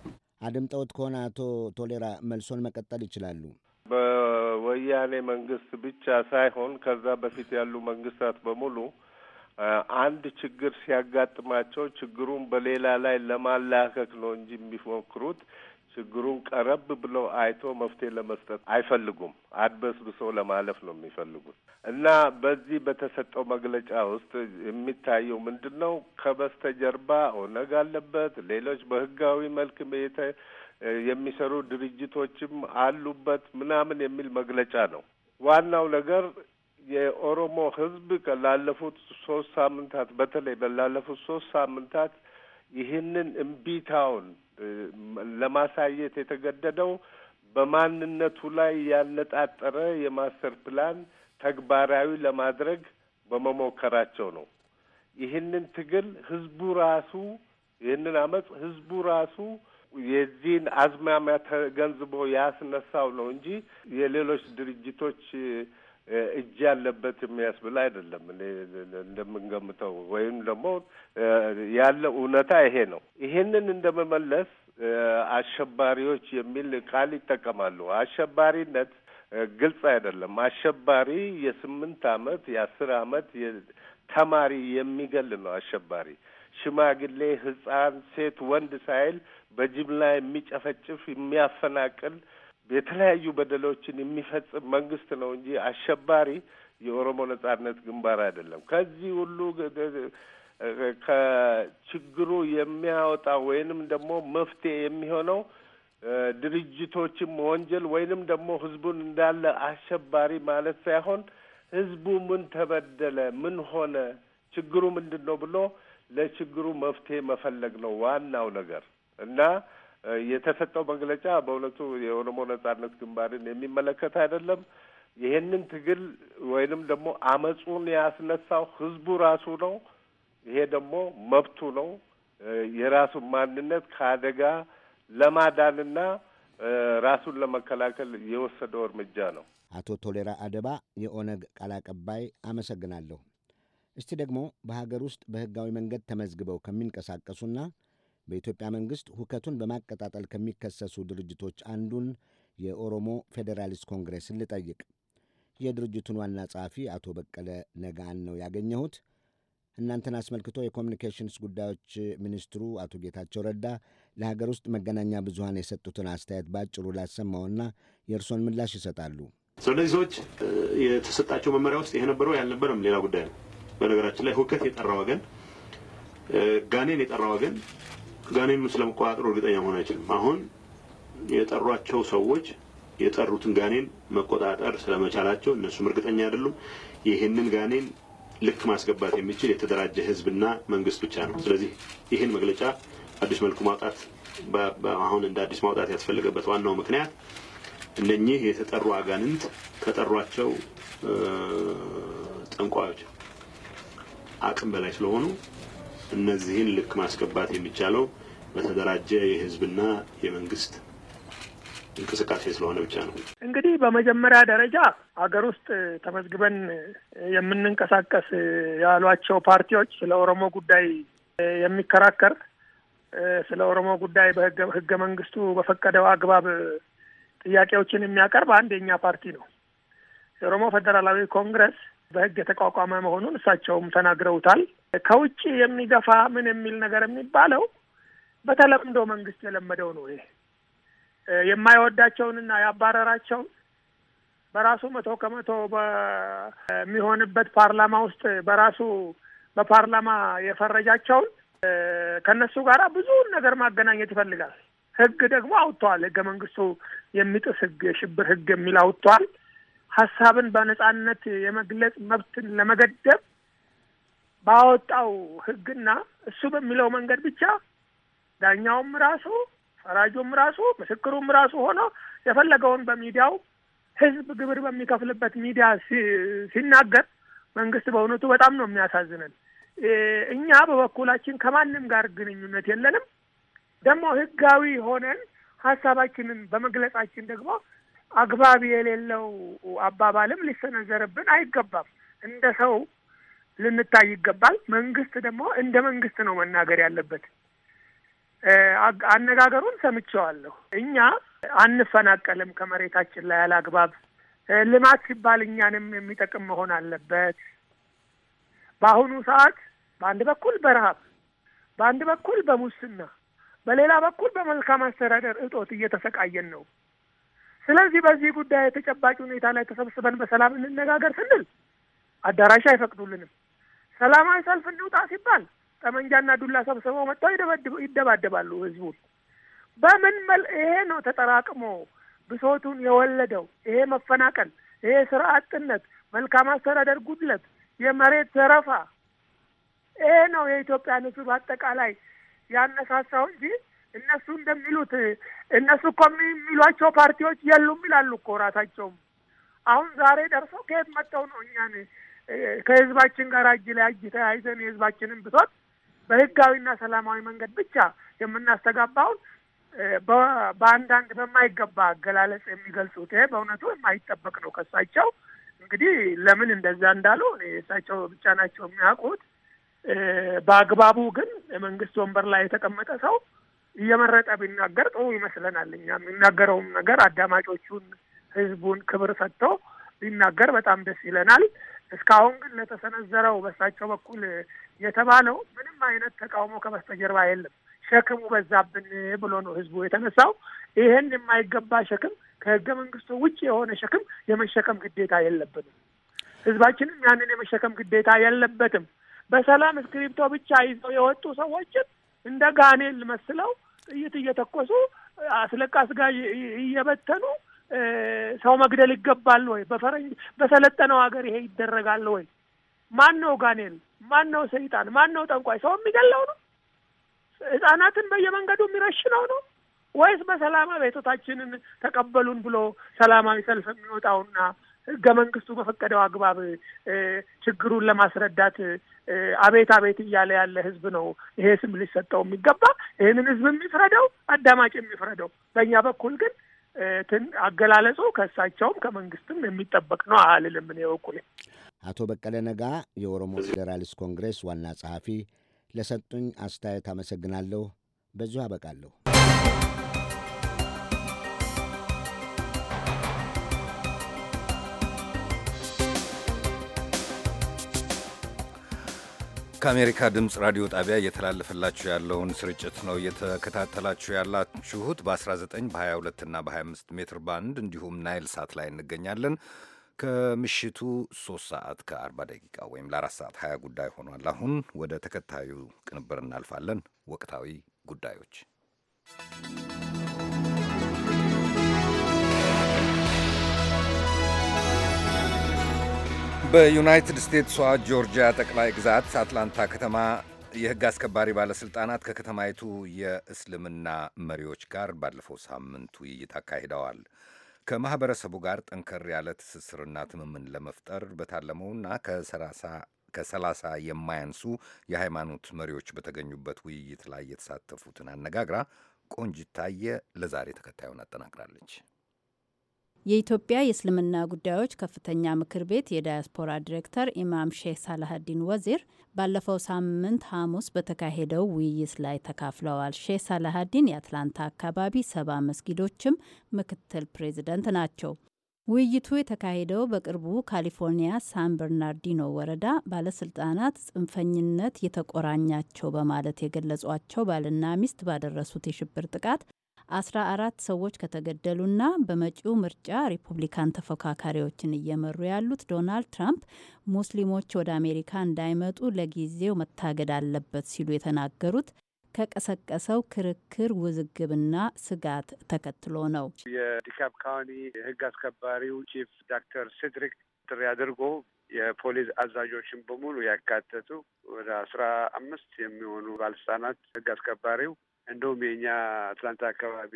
አድምጠውት ከሆነ አቶ ቶሌራ መልሶን መቀጠል ይችላሉ። በወያኔ መንግስት ብቻ ሳይሆን ከዛ በፊት ያሉ መንግስታት በሙሉ አንድ ችግር ሲያጋጥማቸው ችግሩን በሌላ ላይ ለማላከክ ነው እንጂ የሚሞክሩት ችግሩን ቀረብ ብለው አይቶ መፍትሄ ለመስጠት አይፈልጉም። አድበስብሰው ለማለፍ ነው የሚፈልጉት እና በዚህ በተሰጠው መግለጫ ውስጥ የሚታየው ምንድን ነው? ከበስተጀርባ ኦነግ አለበት፣ ሌሎች በህጋዊ መልክ የሚሰሩ ድርጅቶችም አሉበት ምናምን የሚል መግለጫ ነው። ዋናው ነገር የኦሮሞ ህዝብ ላለፉት ሶስት ሳምንታት በተለይ በላለፉት ሶስት ሳምንታት ይህንን እምቢታውን ለማሳየት የተገደደው በማንነቱ ላይ ያነጣጠረ የማስተር ፕላን ተግባራዊ ለማድረግ በመሞከራቸው ነው። ይህንን ትግል ህዝቡ ራሱ ይህንን አመፅ ህዝቡ ራሱ የዚህን አዝማሚያ ተገንዝቦ ያስነሳው ነው እንጂ የሌሎች ድርጅቶች እጅ ያለበት የሚያስብል አይደለም። እንደምንገምተው ወይም ደግሞ ያለ እውነታ ይሄ ነው። ይሄንን እንደመመለስ አሸባሪዎች የሚል ቃል ይጠቀማሉ። አሸባሪነት ግልጽ አይደለም። አሸባሪ የስምንት አመት የአስር አመት ተማሪ የሚገል ነው። አሸባሪ ሽማግሌ፣ ህፃን ሴት፣ ወንድ ሳይል በጅምላ የሚጨፈጭፍ የሚያፈናቅል የተለያዩ በደሎችን የሚፈጽም መንግስት ነው እንጂ አሸባሪ የኦሮሞ ነጻነት ግንባር አይደለም። ከዚህ ሁሉ ከችግሩ የሚያወጣ ወይንም ደግሞ መፍትሄ የሚሆነው ድርጅቶችን መወንጀል ወይንም ደግሞ ህዝቡን እንዳለ አሸባሪ ማለት ሳይሆን ህዝቡ ምን ተበደለ፣ ምን ሆነ፣ ችግሩ ምንድን ነው ብሎ ለችግሩ መፍትሄ መፈለግ ነው ዋናው ነገር እና የተሰጠው መግለጫ በእውነቱ የኦሮሞ ነጻነት ግንባርን የሚመለከት አይደለም። ይሄንን ትግል ወይንም ደግሞ አመፁን ያስነሳው ህዝቡ ራሱ ነው። ይሄ ደግሞ መብቱ ነው። የራሱን ማንነት ከአደጋ ለማዳንና ራሱን ለመከላከል የወሰደው እርምጃ ነው። አቶ ቶሌራ አደባ የኦነግ ቃል አቀባይ፣ አመሰግናለሁ። እስቲ ደግሞ በሀገር ውስጥ በህጋዊ መንገድ ተመዝግበው ከሚንቀሳቀሱና በኢትዮጵያ መንግሥት ሁከቱን በማቀጣጠል ከሚከሰሱ ድርጅቶች አንዱን የኦሮሞ ፌዴራሊስት ኮንግሬስን ልጠይቅ። የድርጅቱን ዋና ጸሐፊ አቶ በቀለ ነጋን ነው ያገኘሁት። እናንተን አስመልክቶ የኮሚኒኬሽንስ ጉዳዮች ሚኒስትሩ አቶ ጌታቸው ረዳ ለሀገር ውስጥ መገናኛ ብዙሀን የሰጡትን አስተያየት በአጭሩ ላሰማውና የእርሶን ምላሽ ይሰጣሉ። ስለዚህ ሰዎች የተሰጣቸው መመሪያ ውስጥ ይሄ ነበረው ያልነበረም ሌላ ጉዳይ ነው። በነገራችን ላይ ሁከት የጠራ ወገን፣ ጋኔን የጠራ ወገን ጋኔኑ ስለመቆጣጠሩ እርግጠኛ መሆን አይችልም። አሁን የጠሯቸው ሰዎች የጠሩትን ጋኔን መቆጣጠር ስለመቻላቸው እነሱም እርግጠኛ አይደሉም። ይህንን ጋኔን ልክ ማስገባት የሚችል የተደራጀ ህዝብና መንግስት ብቻ ነው። ስለዚህ ይህን መግለጫ አዲስ መልኩ ማውጣት አሁን እንደ አዲስ ማውጣት ያስፈለገበት ዋናው ምክንያት እነኚህ የተጠሩ አጋንንት ከጠሯቸው ጠንቋዮች አቅም በላይ ስለሆኑ እነዚህን ልክ ማስገባት የሚቻለው በተደራጀ የህዝብና የመንግስት እንቅስቃሴ ስለሆነ ብቻ ነው። እንግዲህ በመጀመሪያ ደረጃ ሀገር ውስጥ ተመዝግበን የምንንቀሳቀስ ያሏቸው ፓርቲዎች ስለ ኦሮሞ ጉዳይ የሚከራከር ስለ ኦሮሞ ጉዳይ በህገ መንግስቱ በፈቀደው አግባብ ጥያቄዎችን የሚያቀርብ አንድ የኛ ፓርቲ ነው። የኦሮሞ ፌዴራላዊ ኮንግረስ በህግ የተቋቋመ መሆኑን እሳቸውም ተናግረውታል። ከውጭ የሚገፋ ምን የሚል ነገር የሚባለው በተለምዶ መንግስት የለመደው ነው። ይሄ የማይወዳቸውንና ያባረራቸውን በራሱ መቶ ከመቶ በሚሆንበት ፓርላማ ውስጥ በራሱ በፓርላማ የፈረጃቸውን ከነሱ ጋር ብዙውን ነገር ማገናኘት ይፈልጋል። ህግ ደግሞ አውጥተዋል። ህገ መንግስቱ የሚጥስ ህግ፣ የሽብር ህግ የሚል አውጥተዋል። ሀሳብን በነጻነት የመግለጽ መብትን ለመገደብ ባወጣው ህግና እሱ በሚለው መንገድ ብቻ ዳኛውም ራሱ ፈራጁም ራሱ ምስክሩም ራሱ ሆኖ የፈለገውን በሚዲያው ህዝብ ግብር በሚከፍልበት ሚዲያ ሲናገር መንግስት በእውነቱ በጣም ነው የሚያሳዝነን። እኛ በበኩላችን ከማንም ጋር ግንኙነት የለንም። ደግሞ ህጋዊ ሆነን ሀሳባችንን በመግለጻችን ደግሞ አግባብ የሌለው አባባልም ሊሰነዘርብን አይገባም። እንደ ሰው ልንታይ ይገባል። መንግስት ደግሞ እንደ መንግስት ነው መናገር ያለበት። አነጋገሩን ሰምቼዋለሁ። እኛ አንፈናቀልም ከመሬታችን ላይ አላግባብ። ልማት ሲባል እኛንም የሚጠቅም መሆን አለበት። በአሁኑ ሰዓት በአንድ በኩል በረሃብ በአንድ በኩል በሙስና፣ በሌላ በኩል በመልካም አስተዳደር እጦት እየተሰቃየን ነው። ስለዚህ በዚህ ጉዳይ የተጨባጭ ሁኔታ ላይ ተሰብስበን በሰላም እንነጋገር ስንል አዳራሽ አይፈቅዱልንም። ሰላማዊ ሰልፍ እንውጣ ሲባል ጠመንጃና ዱላ ሰብስበው መጥተው ይደባደባሉ ህዝቡን። በምን መል ይሄ ነው ተጠራቅሞ ብሶቱን የወለደው ይሄ መፈናቀል፣ ይሄ ስራ አጥነት፣ መልካም አስተዳደር ጉድለት፣ የመሬት ዘረፋ ይሄ ነው የኢትዮጵያን ህዝብ በአጠቃላይ ያነሳሳው እንጂ እነሱ እንደሚሉት እነሱ እኮ የሚሏቸው ፓርቲዎች የሉም ይላሉ እኮ ራሳቸውም። አሁን ዛሬ ደርሰው ከየት መጥተው ነው እኛን ከህዝባችን ጋር እጅ ለእጅ ተያይዘን የህዝባችንን ብሶት በህጋዊና ሰላማዊ መንገድ ብቻ የምናስተጋባውን በአንዳንድ በማይገባ አገላለጽ የሚገልጹት ይሄ በእውነቱ የማይጠበቅ ነው ከእሳቸው። እንግዲህ ለምን እንደዛ እንዳሉ እሳቸው ብቻ ናቸው የሚያውቁት። በአግባቡ ግን የመንግስት ወንበር ላይ የተቀመጠ ሰው እየመረጠ ቢናገር ጥሩ ይመስለናል። እኛ የሚናገረውም ነገር አዳማጮቹን፣ ህዝቡን ክብር ሰጥቶ ቢናገር በጣም ደስ ይለናል። እስካሁን ግን ለተሰነዘረው በሳቸው በኩል የተባለው ምንም አይነት ተቃውሞ ከበስተጀርባ የለም። ሸክሙ በዛብን ብሎ ነው ህዝቡ የተነሳው። ይህን የማይገባ ሸክም ከህገ መንግስቱ ውጭ የሆነ ሸክም የመሸከም ግዴታ የለብንም። ህዝባችንም ያንን የመሸከም ግዴታ የለበትም። በሰላም እስክሪብቶ ብቻ ይዘው የወጡ ሰዎችን እንደ ጋኔል መስለው ጥይት እየተኮሱ አስለቃስ ጋር እየበተኑ ሰው መግደል ይገባል ወይ? በፈረንጅ በሰለጠነው ሀገር ይሄ ይደረጋል ወይ? ማን ነው ጋኔል? ማን ነው ሰይጣን? ማን ነው ጠንቋይ? ሰው የሚገላው ነው? ህጻናትን በየመንገዱ የሚረሽነው ነው ወይስ በሰላማ ቤቶታችንን ተቀበሉን ብሎ ሰላማዊ ሰልፍ የሚወጣውና ህገ መንግስቱ በፈቀደው አግባብ ችግሩን ለማስረዳት አቤት አቤት እያለ ያለ ህዝብ ነው ይሄ ስም ሊሰጠው የሚገባ። ይህንን ህዝብ የሚፍረደው አዳማጭ የሚፍረደው። በእኛ በኩል ግን አገላለጹ ከእሳቸውም ከመንግስትም የሚጠበቅ ነው አልልም እኔ በኩሌ። አቶ በቀለ ነጋ የኦሮሞ ፌዴራሊስት ኮንግሬስ ዋና ጸሐፊ ለሰጡኝ አስተያየት አመሰግናለሁ። በዚሁ አበቃለሁ። ከአሜሪካ ድምፅ ራዲዮ ጣቢያ እየተላለፈላችሁ ያለውን ስርጭት ነው እየተከታተላችሁ ያላችሁት። በ19 በ22 እና በ25 ሜትር ባንድ እንዲሁም ናይል ሳት ላይ እንገኛለን። ከምሽቱ 3 ሰዓት ከ40 ደቂቃ ወይም ለ4 ሰዓት 20 ጉዳይ ሆኗል። አሁን ወደ ተከታዩ ቅንብር እናልፋለን። ወቅታዊ ጉዳዮች በዩናይትድ ስቴትሷ ጆርጂያ ጠቅላይ ግዛት አትላንታ ከተማ የሕግ አስከባሪ ባለሥልጣናት ከከተማይቱ የእስልምና መሪዎች ጋር ባለፈው ሳምንት ውይይት አካሂደዋል። ከማኅበረሰቡ ጋር ጠንከር ያለ ትስስርና ትምምን ለመፍጠር በታለመውና ከሰላሳ የማያንሱ የሃይማኖት መሪዎች በተገኙበት ውይይት ላይ የተሳተፉትን አነጋግራ ቆንጅታየ ለዛሬ ተከታዩን አጠናቅራለች። የኢትዮጵያ የእስልምና ጉዳዮች ከፍተኛ ምክር ቤት የዳያስፖራ ዲሬክተር ኢማም ሼህ ሳላሀዲን ወዚር ባለፈው ሳምንት ሐሙስ በተካሄደው ውይይት ላይ ተካፍለዋል። ሼህ ሳላሀዲን የአትላንታ አካባቢ ሰባ መስጊዶችም ምክትል ፕሬዝደንት ናቸው። ውይይቱ የተካሄደው በቅርቡ ካሊፎርኒያ ሳን በርናርዲኖ ወረዳ ባለስልጣናት ጽንፈኝነት የተቆራኛቸው በማለት የገለጿቸው ባልና ሚስት ባደረሱት የሽብር ጥቃት አስራ አራት ሰዎች ከተገደሉና በመጪው ምርጫ ሪፑብሊካን ተፎካካሪዎችን እየመሩ ያሉት ዶናልድ ትራምፕ ሙስሊሞች ወደ አሜሪካ እንዳይመጡ ለጊዜው መታገድ አለበት ሲሉ የተናገሩት ከቀሰቀሰው ክርክር ውዝግብና ስጋት ተከትሎ ነው። የዲካፕ ካውንቲ የህግ አስከባሪው ቺፍ ዶክተር ሲድሪክ ጥሪ አድርጎ የፖሊስ አዛዦችን በሙሉ ያካተቱ ወደ አስራ አምስት የሚሆኑ ባለስልጣናት ህግ አስከባሪው እንደውም የእኛ አትላንታ አካባቢ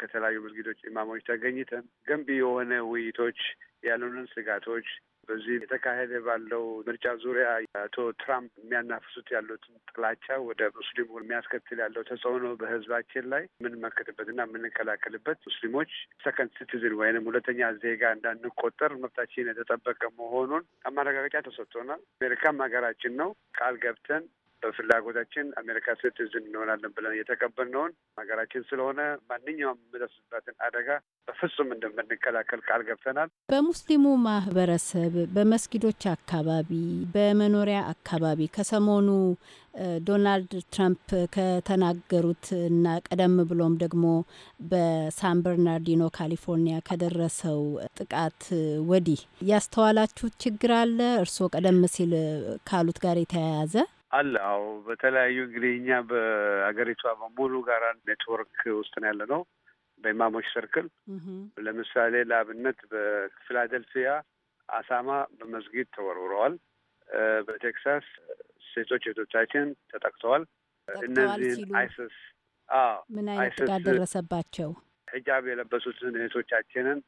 ከተለያዩ መስጊዶች ኢማሞች ተገኝተን ገንቢ የሆነ ውይይቶች ያሉንን ስጋቶች በዚህ የተካሄደ ባለው ምርጫ ዙሪያ አቶ ትራምፕ የሚያናፍሱት ያሉትን ጥላቻ ወደ ሙስሊሙ የሚያስከትል ያለው ተጽዕኖ በህዝባችን ላይ የምንመከትበትና የምንከላከልበት ሙስሊሞች ሰከንድ ሲቲዝን ወይም ሁለተኛ ዜጋ እንዳንቆጠር መብታችን የተጠበቀ መሆኑን አማረጋገጫ ተሰጥቶናል። አሜሪካም ሀገራችን ነው። ቃል ገብተን በፍላጎታችን አሜሪካ ሲቲዝን እንሆናለን ብለን የተቀበልነውን ሀገራችን ስለሆነ ማንኛውም የሚደርስበትን አደጋ በፍጹም እንደምንከላከል ቃል ገብተናል። በሙስሊሙ ማህበረሰብ በመስጊዶች አካባቢ፣ በመኖሪያ አካባቢ ከሰሞኑ ዶናልድ ትራምፕ ከተናገሩት እና ቀደም ብሎም ደግሞ በሳን በርናርዲኖ ካሊፎርኒያ ከደረሰው ጥቃት ወዲህ ያስተዋላችሁት ችግር አለ? እርስዎ ቀደም ሲል ካሉት ጋር የተያያዘ አለ። አዎ በተለያዩ እንግዲህ እኛ በሀገሪቷ በሙሉ ጋራ ኔትወርክ ውስጥ ነው ያለ ነው በኢማሞች ሰርክል። ለምሳሌ ለአብነት በፊላደልፊያ አሳማ በመስጊድ ተወርውረዋል። በቴክሳስ ሴቶች እህቶቻችን ተጠቅተዋል። እነዚህን አይስስ ምን አይነት ጥቃት ደረሰባቸው? ሂጃብ የለበሱትን እህቶቻችንን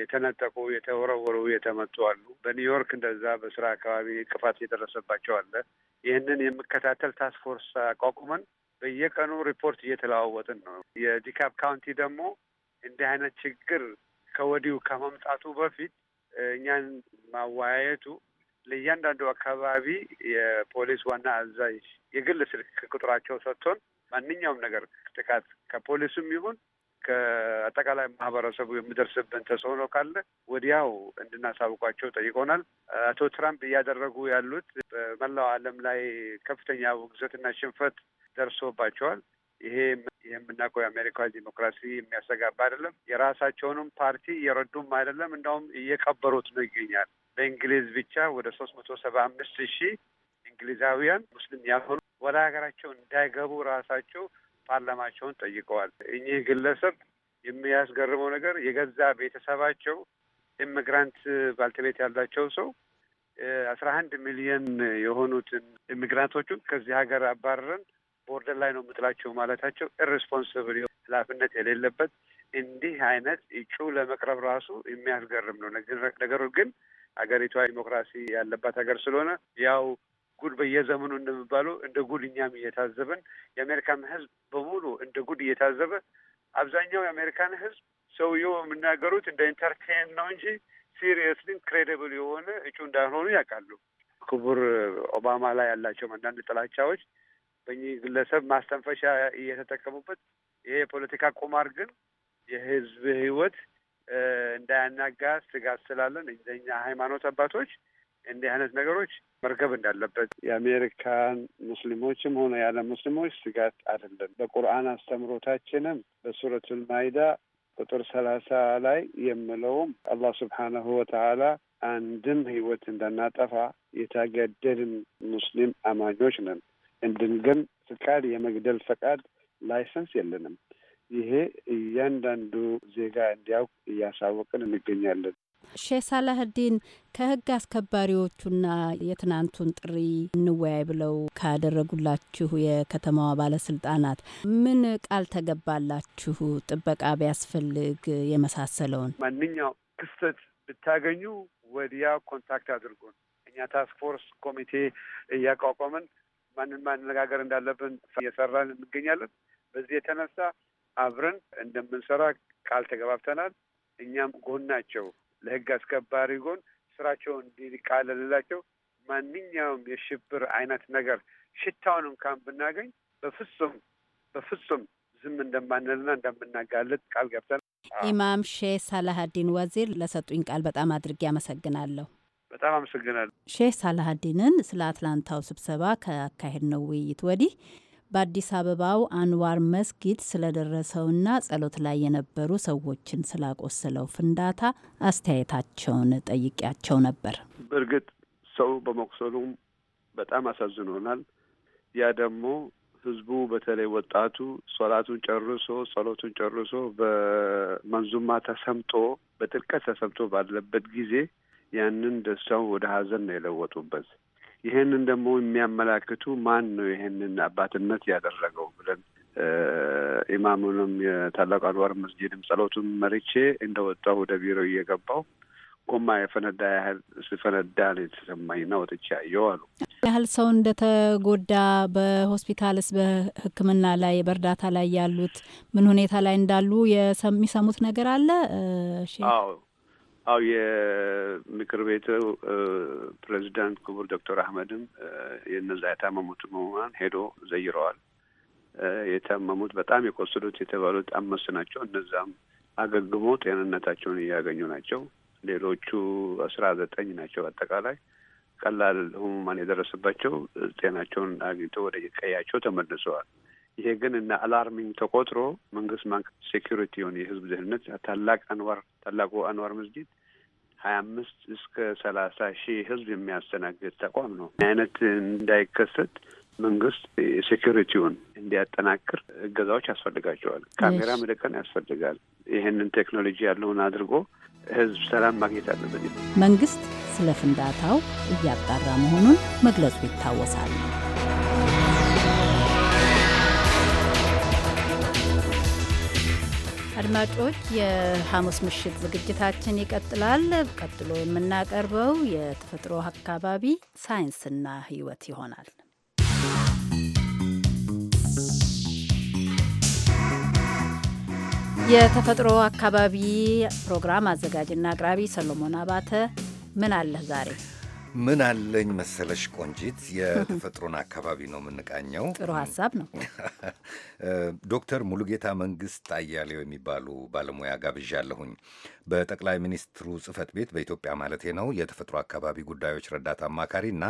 የተነጠቁ፣ የተወረወሩ፣ የተመጡ አሉ። በኒውዮርክ እንደዛ በስራ አካባቢ እንቅፋት የደረሰባቸው አለ። ይህንን የምከታተል ታስክ ፎርስ አቋቁመን በየቀኑ ሪፖርት እየተለዋወጥን ነው። የዲካፕ ካውንቲ ደግሞ እንዲህ አይነት ችግር ከወዲሁ ከመምጣቱ በፊት እኛን ማወያየቱ ለእያንዳንዱ አካባቢ የፖሊስ ዋና አዛዥ የግል ስልክ ቁጥራቸው ሰጥቶን ማንኛውም ነገር ጥቃት ከፖሊስም ይሁን አጠቃላይ ማህበረሰቡ የሚደርስብን ተጽዕኖ ካለ ወዲያው እንድናሳውቋቸው ጠይቆናል። አቶ ትራምፕ እያደረጉ ያሉት በመላው ዓለም ላይ ከፍተኛ ውግዘትና ሽንፈት ደርሶባቸዋል። ይሄ የምናውቀው የአሜሪካ ዲሞክራሲ የሚያሰጋባ አይደለም። የራሳቸውንም ፓርቲ እየረዱም አይደለም፣ እንዳውም እየቀበሩት ነው ይገኛል። በእንግሊዝ ብቻ ወደ ሶስት መቶ ሰባ አምስት ሺህ እንግሊዛውያን ሙስሊም ያልሆኑ ወደ ሀገራቸው እንዳይገቡ ራሳቸው ፓርላማቸውን ጠይቀዋል። እኚህ ግለሰብ የሚያስገርመው ነገር የገዛ ቤተሰባቸው ኢሚግራንት ባልተቤት ያላቸው ሰው አስራ አንድ ሚሊዮን የሆኑትን ኢሚግራንቶቹን ከዚህ ሀገር አባረረን ቦርደር ላይ ነው የምጥላቸው ማለታቸው ኢሬስፖንስብል ኃላፊነት የሌለበት እንዲህ አይነት እጩ ለመቅረብ ራሱ የሚያስገርም ነው። ነገሩ ግን ሀገሪቷ ዲሞክራሲ ያለባት ሀገር ስለሆነ ያው ጉድ በየዘመኑ እንደሚባለው እንደ ጉድ እኛም እየታዘብን የአሜሪካም ሕዝብ በሙሉ እንደ ጉድ እየታዘበ አብዛኛው የአሜሪካን ህዝብ ሰውየው የሚናገሩት እንደ ኢንተርቴን ነው እንጂ ሲሪየስሊ ክሬዲብል የሆነ እጩ እንዳልሆኑ ያውቃሉ። ክቡር ኦባማ ላይ ያላቸውም አንዳንድ ጥላቻዎች በእኚህ ግለሰብ ማስተንፈሻ እየተጠቀሙበት ይሄ የፖለቲካ ቁማር ግን የህዝብ ህይወት እንዳያናጋ ስጋት ስላለን እኛ ሃይማኖት አባቶች እንዲህ አይነት ነገሮች መርገብ እንዳለበት የአሜሪካን ሙስሊሞችም ሆነ ያለ ሙስሊሞች ስጋት አይደለም። በቁርአን አስተምሮታችንም በሱረቱል ማይዳ ቁጥር ሰላሳ ላይ የምለውም አላህ ስብሓናሁ ወተዓላ አንድም ህይወት እንዳናጠፋ የታገደድን ሙስሊም አማኞች ነን፣ እንድን ግን ፍቃድ የመግደል ፈቃድ ላይሰንስ የለንም። ይሄ እያንዳንዱ ዜጋ እንዲያውቅ እያሳወቅን እንገኛለን። ሼህ ሳላህዲን ከህግ አስከባሪዎቹና የትናንቱን ጥሪ እንወያይ ብለው ካደረጉላችሁ የከተማዋ ባለስልጣናት ምን ቃል ተገባላችሁ? ጥበቃ ቢያስፈልግ የመሳሰለውን ማንኛው ክስተት ብታገኙ ወዲያ ኮንታክት አድርጎን እኛ ታስክ ፎርስ ኮሚቴ እያቋቋምን ማንን ማነጋገር እንዳለብን እየሰራን እንገኛለን። በዚህ የተነሳ አብረን እንደምንሰራ ቃል ተገባብተናል። እኛም ጎናቸው ለህግ አስከባሪ ጎን ስራቸውን እንዲቃለልላቸው ማንኛውም የሽብር አይነት ነገር ሽታውን እንኳን ብናገኝ በፍጹም በፍጹም ዝም እንደማንልና እንደምናጋልጥ ቃል ገብተን። ኢማም ሼህ ሳላሀዲን ወዚር ለሰጡኝ ቃል በጣም አድርጌ አመሰግናለሁ። በጣም አመሰግናለሁ ሼህ ሳላሀዲንን ስለ አትላንታው ስብሰባ ከአካሄድ ነው ውይይት ወዲህ በአዲስ አበባው አንዋር መስጊድ ስለደረሰውና ጸሎት ላይ የነበሩ ሰዎችን ስላቆሰለው ፍንዳታ አስተያየታቸውን ጠይቄያቸው ነበር። በእርግጥ ሰው በመቁሰሉም በጣም አሳዝኖናል። ያ ደግሞ ህዝቡ በተለይ ወጣቱ ሶላቱን ጨርሶ ጸሎቱን ጨርሶ በመንዙማ ተሰምጦ በጥልቀት ተሰምጦ ባለበት ጊዜ ያንን ደስታውን ወደ ሀዘን ነው የለወጡበት። ይህንን ደግሞ የሚያመላክቱ ማን ነው ይህንን አባትነት ያደረገው ብለን ኢማሙንም የታላቁ አንዋር መስጂድም ጸሎቱን መርቼ እንደ ወጣሁ ወደ ቢሮ እየገባው ጎማ የፈነዳ ያህል ስፈነዳ ነው የተሰማኝ ና ወጥቼ አየው አሉ። ያህል ሰው እንደተጎዳ በሆስፒታልስ በሕክምና ላይ በእርዳታ ላይ ያሉት ምን ሁኔታ ላይ እንዳሉ የሚሰሙት ነገር አለ? አዎ አው የምክር ቤቱ ፕሬዚዳንት ክቡር ዶክተር አህመድም የነዛ የታመሙት ህሙማን ሄዶ ዘይረዋል። የታመሙት በጣም የቆሰሉት የተባሉት አምስት ናቸው። እነዛም አገግሞ ጤንነታቸውን እያገኙ ናቸው። ሌሎቹ አስራ ዘጠኝ ናቸው። አጠቃላይ ቀላል ህሙማን የደረሰባቸው ጤናቸውን አግኝተው ወደ ቀያቸው ተመልሰዋል። ይሄ ግን እና አላርሚንግ ተቆጥሮ መንግስት ማንክ ሴኪሪቲውን የህዝብ ደህንነት ታላቅ አንዋር ታላቁ አንዋር መስጊድ ሀያ አምስት እስከ ሰላሳ ሺህ ህዝብ የሚያስተናግድ ተቋም ነው። አይነት እንዳይከሰት መንግስት ሴኪሪቲውን እንዲያጠናክር እገዛዎች ያስፈልጋቸዋል። ካሜራ መደቀን ያስፈልጋል። ይህንን ቴክኖሎጂ ያለውን አድርጎ ህዝብ ሰላም ማግኘት አለበት። መንግስት ስለ ፍንዳታው እያጣራ መሆኑን መግለጹ ይታወሳል። አድማጮች የሐሙስ ምሽት ዝግጅታችን ይቀጥላል። ቀጥሎ የምናቀርበው የተፈጥሮ አካባቢ ሳይንስና ሕይወት ይሆናል። የተፈጥሮ አካባቢ ፕሮግራም አዘጋጅና አቅራቢ ሰሎሞን አባተ ምን አለህ ዛሬ ምን አለኝ መሰለሽ ቆንጂት፣ የተፈጥሮን አካባቢ ነው የምንቃኘው። ጥሩ ሀሳብ ነው። ዶክተር ሙሉጌታ መንግስት አያሌው የሚባሉ ባለሙያ ጋብዣለሁኝ። በጠቅላይ ሚኒስትሩ ጽህፈት ቤት በኢትዮጵያ ማለቴ ነው የተፈጥሮ አካባቢ ጉዳዮች ረዳት አማካሪ እና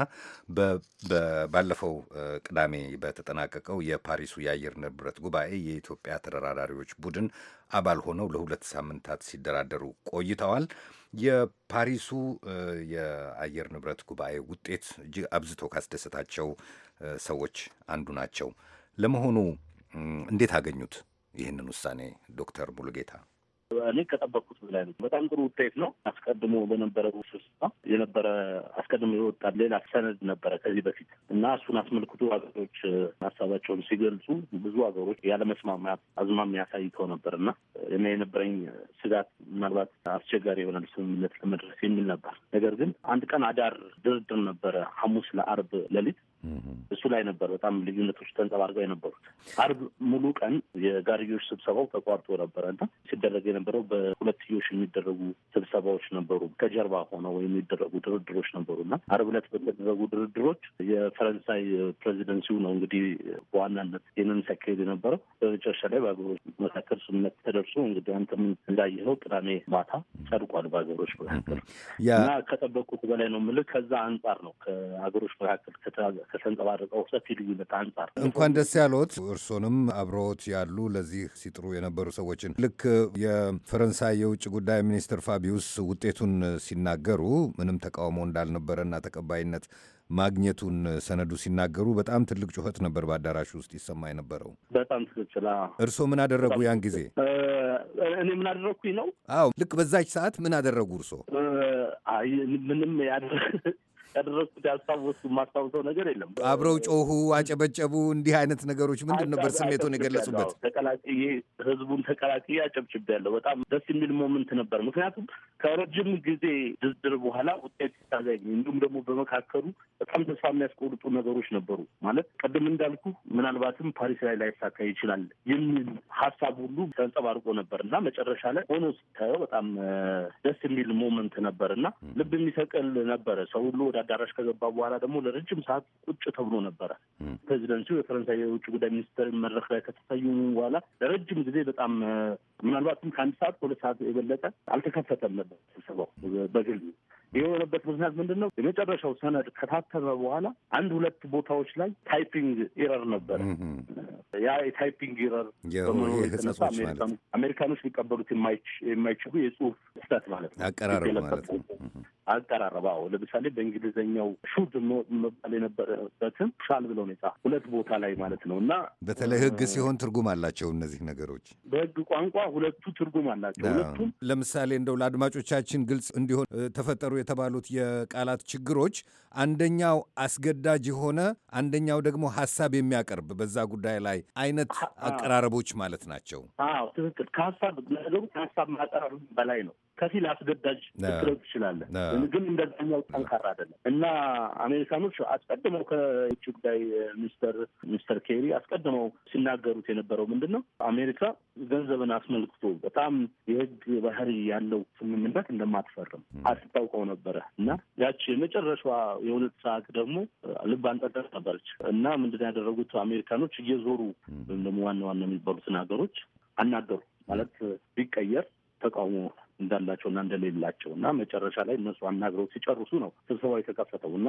ባለፈው ቅዳሜ በተጠናቀቀው የፓሪሱ የአየር ንብረት ጉባኤ የኢትዮጵያ ተደራዳሪዎች ቡድን አባል ሆነው ለሁለት ሳምንታት ሲደራደሩ ቆይተዋል። የፓሪሱ የአየር ንብረት ጉባኤ ውጤት እጅግ አብዝቶ ካስደሰታቸው ሰዎች አንዱ ናቸው። ለመሆኑ እንዴት አገኙት ይህንን ውሳኔ ዶክተር ሙሉጌታ? እኔ ከጠበቅኩት በላይ ነው። በጣም ጥሩ ውጤት ነው። አስቀድሞ በነበረ ስብሰባ የነበረ አስቀድሞ የወጣ ሌላ ሰነድ ነበረ ከዚህ በፊት እና እሱን አስመልክቶ ሀገሮች ሀሳባቸውን ሲገልጹ ብዙ ሀገሮች ያለመስማማት አዝማሚያ አሳይተው ነበር እና እኔ የነበረኝ ስጋት ምናልባት አስቸጋሪ የሆነ ስምምነት ለመድረስ የሚል ነበር። ነገር ግን አንድ ቀን አዳር ድርድር ነበረ ሐሙስ ለአርብ ሌሊት እሱ ላይ ነበር በጣም ልዩነቶች ተንጸባርቀው የነበሩት። አርብ ሙሉ ቀን የጋርዮሽ ስብሰባው ተቋርጦ ነበረ እና ሲደረግ የነበረው በሁለትዮሽ የሚደረጉ ስብሰባዎች ነበሩ፣ ከጀርባ ሆነው የሚደረጉ ድርድሮች ነበሩ እና አርብ ዕለት በተደረጉ ድርድሮች የፈረንሳይ ፕሬዚደንሲው ነው እንግዲህ በዋናነት ይህንን ሲያካሄድ የነበረው። በመጨረሻ ላይ በአገሮች መካከል ስምምነት ተደርሶ እንግዲህ አንተም እንዳየኸው ቅዳሜ ማታ ጸድቋል በአገሮች መካከል እና ከጠበቁት በላይ ነው የምልህ። ከዛ አንጻር ነው ከአገሮች መካከል ከተ ከተንጸባረቀው ሰፊ ልዩነት አንጻር እንኳን ደስ ያሎት እርሶንም አብሮት ያሉ ለዚህ ሲጥሩ የነበሩ ሰዎችን ልክ የፈረንሳይ የውጭ ጉዳይ ሚኒስትር ፋቢዩስ ውጤቱን ሲናገሩ ምንም ተቃውሞ እንዳልነበረና ተቀባይነት ማግኘቱን ሰነዱ ሲናገሩ በጣም ትልቅ ጩኸት ነበር በአዳራሹ ውስጥ ይሰማ የነበረው። በጣም ትክክል። እርስዎ ምን አደረጉ ያን ጊዜ? እኔ ምን አደረግኩኝ ነው? አዎ ልክ በዛች ሰዓት ምን አደረጉ እርስዎ? ምንም ያደረ ያደረግኩት ያስታወሱ የማስታውሰው ነገር የለም። አብረው ጮሁ፣ አጨበጨቡ። እንዲህ አይነት ነገሮች ምንድን ነበር ስሜቶን የገለጹበት? ተቀላቅዬ ህዝቡን ተቀላቅዬ ያለው በጣም ደስ የሚል ሞመንት ነበር። ምክንያቱም ከረጅም ጊዜ ድርድር በኋላ ውጤት ሲታገኝ እንዲሁም ደግሞ በመካከሉ በጣም ተስፋ የሚያስቆርጡ ነገሮች ነበሩ። ማለት ቅድም እንዳልኩ ምናልባትም ፓሪስ ላይ ላይሳካ ይችላል የሚል ሀሳብ ሁሉ ተንጸባርቆ ነበር እና መጨረሻ ላይ ሆኖ ስታየው በጣም ደስ የሚል ሞመንት ነበር እና ልብ የሚሰቅል ነበረ ሰው ሁሉ ወደ አዳራሽ ከገባ በኋላ ደግሞ ለረጅም ሰዓት ቁጭ ተብሎ ነበረ። ፕሬዚደንቱ የፈረንሳይ የውጭ ጉዳይ ሚኒስትር መድረክ ላይ ከተታዩ በኋላ ለረጅም ጊዜ በጣም ምናልባትም ከአንድ ሰዓት ከሁለት ሰዓት የበለጠ አልተከፈተም ነበር ስብሰባው በግል የሆነበት ምክንያት ምንድን ነው? የመጨረሻው ሰነድ ከታተመ በኋላ አንድ ሁለት ቦታዎች ላይ ታይፒንግ ኤረር ነበረ። ያ የታይፒንግ ኤረር በመኖሩ የተነሳ አሜሪካኖች ሊቀበሉት የማይችሉ የጽሁፍ ስህተት ማለት ነው አቀራረብ ማለት ነው አቀራረባው ለምሳሌ በእንግሊዝኛው ሹድ መባል የነበረበትን ሻል ብለው ነው ሁለት ቦታ ላይ ማለት ነው። እና በተለይ ህግ ሲሆን ትርጉም አላቸው እነዚህ ነገሮች በህግ ቋንቋ ሁለቱ ትርጉም አላቸው። ሁለቱም ለምሳሌ እንደው ለአድማጮቻችን ግልጽ እንዲሆን ተፈጠሩ የተባሉት የቃላት ችግሮች አንደኛው አስገዳጅ የሆነ አንደኛው ደግሞ ሀሳብ የሚያቀርብ በዛ ጉዳይ ላይ አይነት አቀራረቦች ማለት ናቸው። ትክክል። ከሀሳብ ነገሩ ከሀሳብ ማቀራረብ በላይ ነው። ከፊል አስገዳጅ ትክለው ትችላለህ፣ ግን እንደዛኛው ጠንካራ አይደለም እና አሜሪካኖች አስቀድመው ከውጭ ጉዳይ ሚኒስተር ሚስተር ኬሪ አስቀድመው ሲናገሩት የነበረው ምንድን ነው አሜሪካ ገንዘብን አስመልክቶ በጣም የህግ ባህሪ ያለው ስምምነት እንደማትፈርም አስታውቀው ነበረ እና ያቺ የመጨረሻዋ የሁለት ሰዓት ደግሞ ልብ አንጠልጣይ ነበረች እና ምንድን ያደረጉት አሜሪካኖች እየዞሩ ወይም ደግሞ ዋና ዋና የሚባሉትን ሀገሮች አናገሩ ማለት ቢቀየር ተቃውሞ እንዳላቸው እና እንደሌላቸው እና መጨረሻ ላይ እነሱ አናግረው ሲጨርሱ ነው ስብሰባው የተከፈተው እና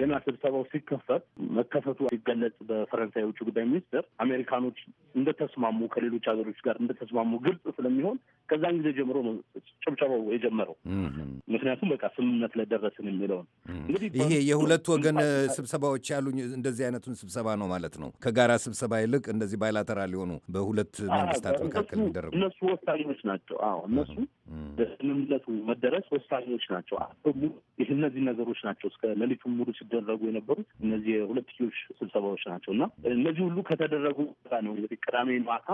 ገና ስብሰባው ሲከፈት መከፈቱ ሲገለጽ በፈረንሳይ የውጭ ጉዳይ ሚኒስትር አሜሪካኖች እንደተስማሙ ከሌሎች ሀገሮች ጋር እንደተስማሙ ግልጽ ስለሚሆን ከዛን ጊዜ ጀምሮ ነው ጭብጨባው የጀመረው። ምክንያቱም በቃ ስምምነት ላይ ደረስን የሚለውን እንግዲህ ይሄ የሁለት ወገን ስብሰባዎች ያሉ እንደዚህ አይነቱን ስብሰባ ነው ማለት ነው። ከጋራ ስብሰባ ይልቅ እንደዚህ ባይላተራል የሆኑ በሁለት መንግስታት መካከል የሚደረጉ እነሱ ወሳኞች ናቸው። አዎ እነሱ ለስምምነቱ መደረስ ወሳኞች ናቸው። እነዚህ ነገሮች ናቸው እስከ ሌሊቱን ሙሉ ሲደረጉ የነበሩት እነዚህ የሁለትዮሽ ስብሰባዎች ናቸው እና እነዚህ ሁሉ ከተደረጉ ጋ ነው እንግዲህ ቅዳሜ ማታ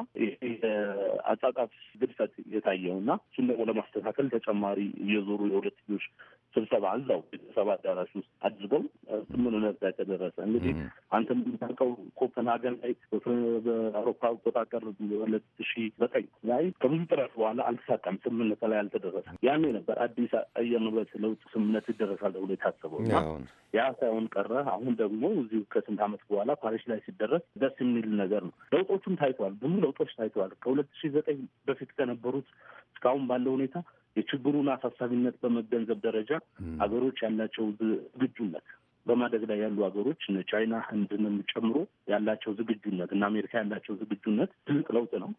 አጻጻፍ ግድፈት የታየው እና እሱን ደግሞ ለማስተካከል ተጨማሪ እየዞሩ የሁለትዮሽ ስብሰባ አለው ስብሰባ አዳራሽ ውስጥ አድርገው ስምምነት ላይ ተደረሰ። እንግዲህ አንተ እንደምታውቀው ኮፐንሀገን ላይ በአውሮፓ አቆጣጠር ሁለት ሺ ዘጠኝ ላይ ከብዙ ጥረት በኋላ አልተሳካም፣ ስምምነት ላይ አልተደረሰ። ያኔ ነበር አዲስ አየር ንብረት ለውጥ ስምምነት ይደረሳል ተብሎ የታሰበው እና ያ ሳይሆን ቀረ። አሁን ደግሞ እዚሁ ከስንት ዓመት በኋላ ፓሪስ ላይ ሲደረስ ደስ የሚል ነገር ነው። ለውጦቹም ታይተዋል፣ ብዙ ለውጦች ታይተዋል። ከሁለት ሺ ዘጠኝ በፊት ከነበሩት እስካሁን ባለው ሁኔታ የችግሩን አሳሳቢነት በመገንዘብ ደረጃ ሀገሮች ያላቸው ዝግጁነት በማደግ ላይ ያሉ ሀገሮች ቻይና፣ ህንድንም ጨምሮ ያላቸው ዝግጁነት እና አሜሪካ ያላቸው ዝግጁነት ትልቅ ለውጥ ነው።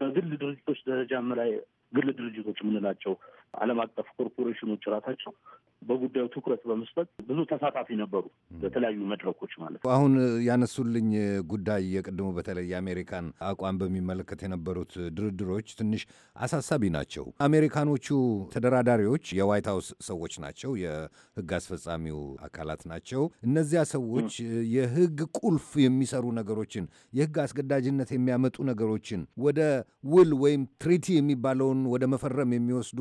በግል ድርጅቶች ደረጃም ላይ ግል ድርጅቶች የምንላቸው ዓለም አቀፍ ኮርፖሬሽኖች ራሳቸው በጉዳዩ ትኩረት በመስጠት ብዙ ተሳታፊ ነበሩ፣ በተለያዩ መድረኮች ማለት ነው። አሁን ያነሱልኝ ጉዳይ የቅድሞ በተለይ የአሜሪካን አቋም በሚመለከት የነበሩት ድርድሮች ትንሽ አሳሳቢ ናቸው። አሜሪካኖቹ ተደራዳሪዎች የዋይት ሀውስ ሰዎች ናቸው፣ የህግ አስፈጻሚው አካላት ናቸው። እነዚያ ሰዎች የህግ ቁልፍ የሚሰሩ ነገሮችን፣ የህግ አስገዳጅነት የሚያመጡ ነገሮችን ወደ ውል ወይም ትሪቲ የሚባለውን ውሉን ወደ መፈረም የሚወስዱ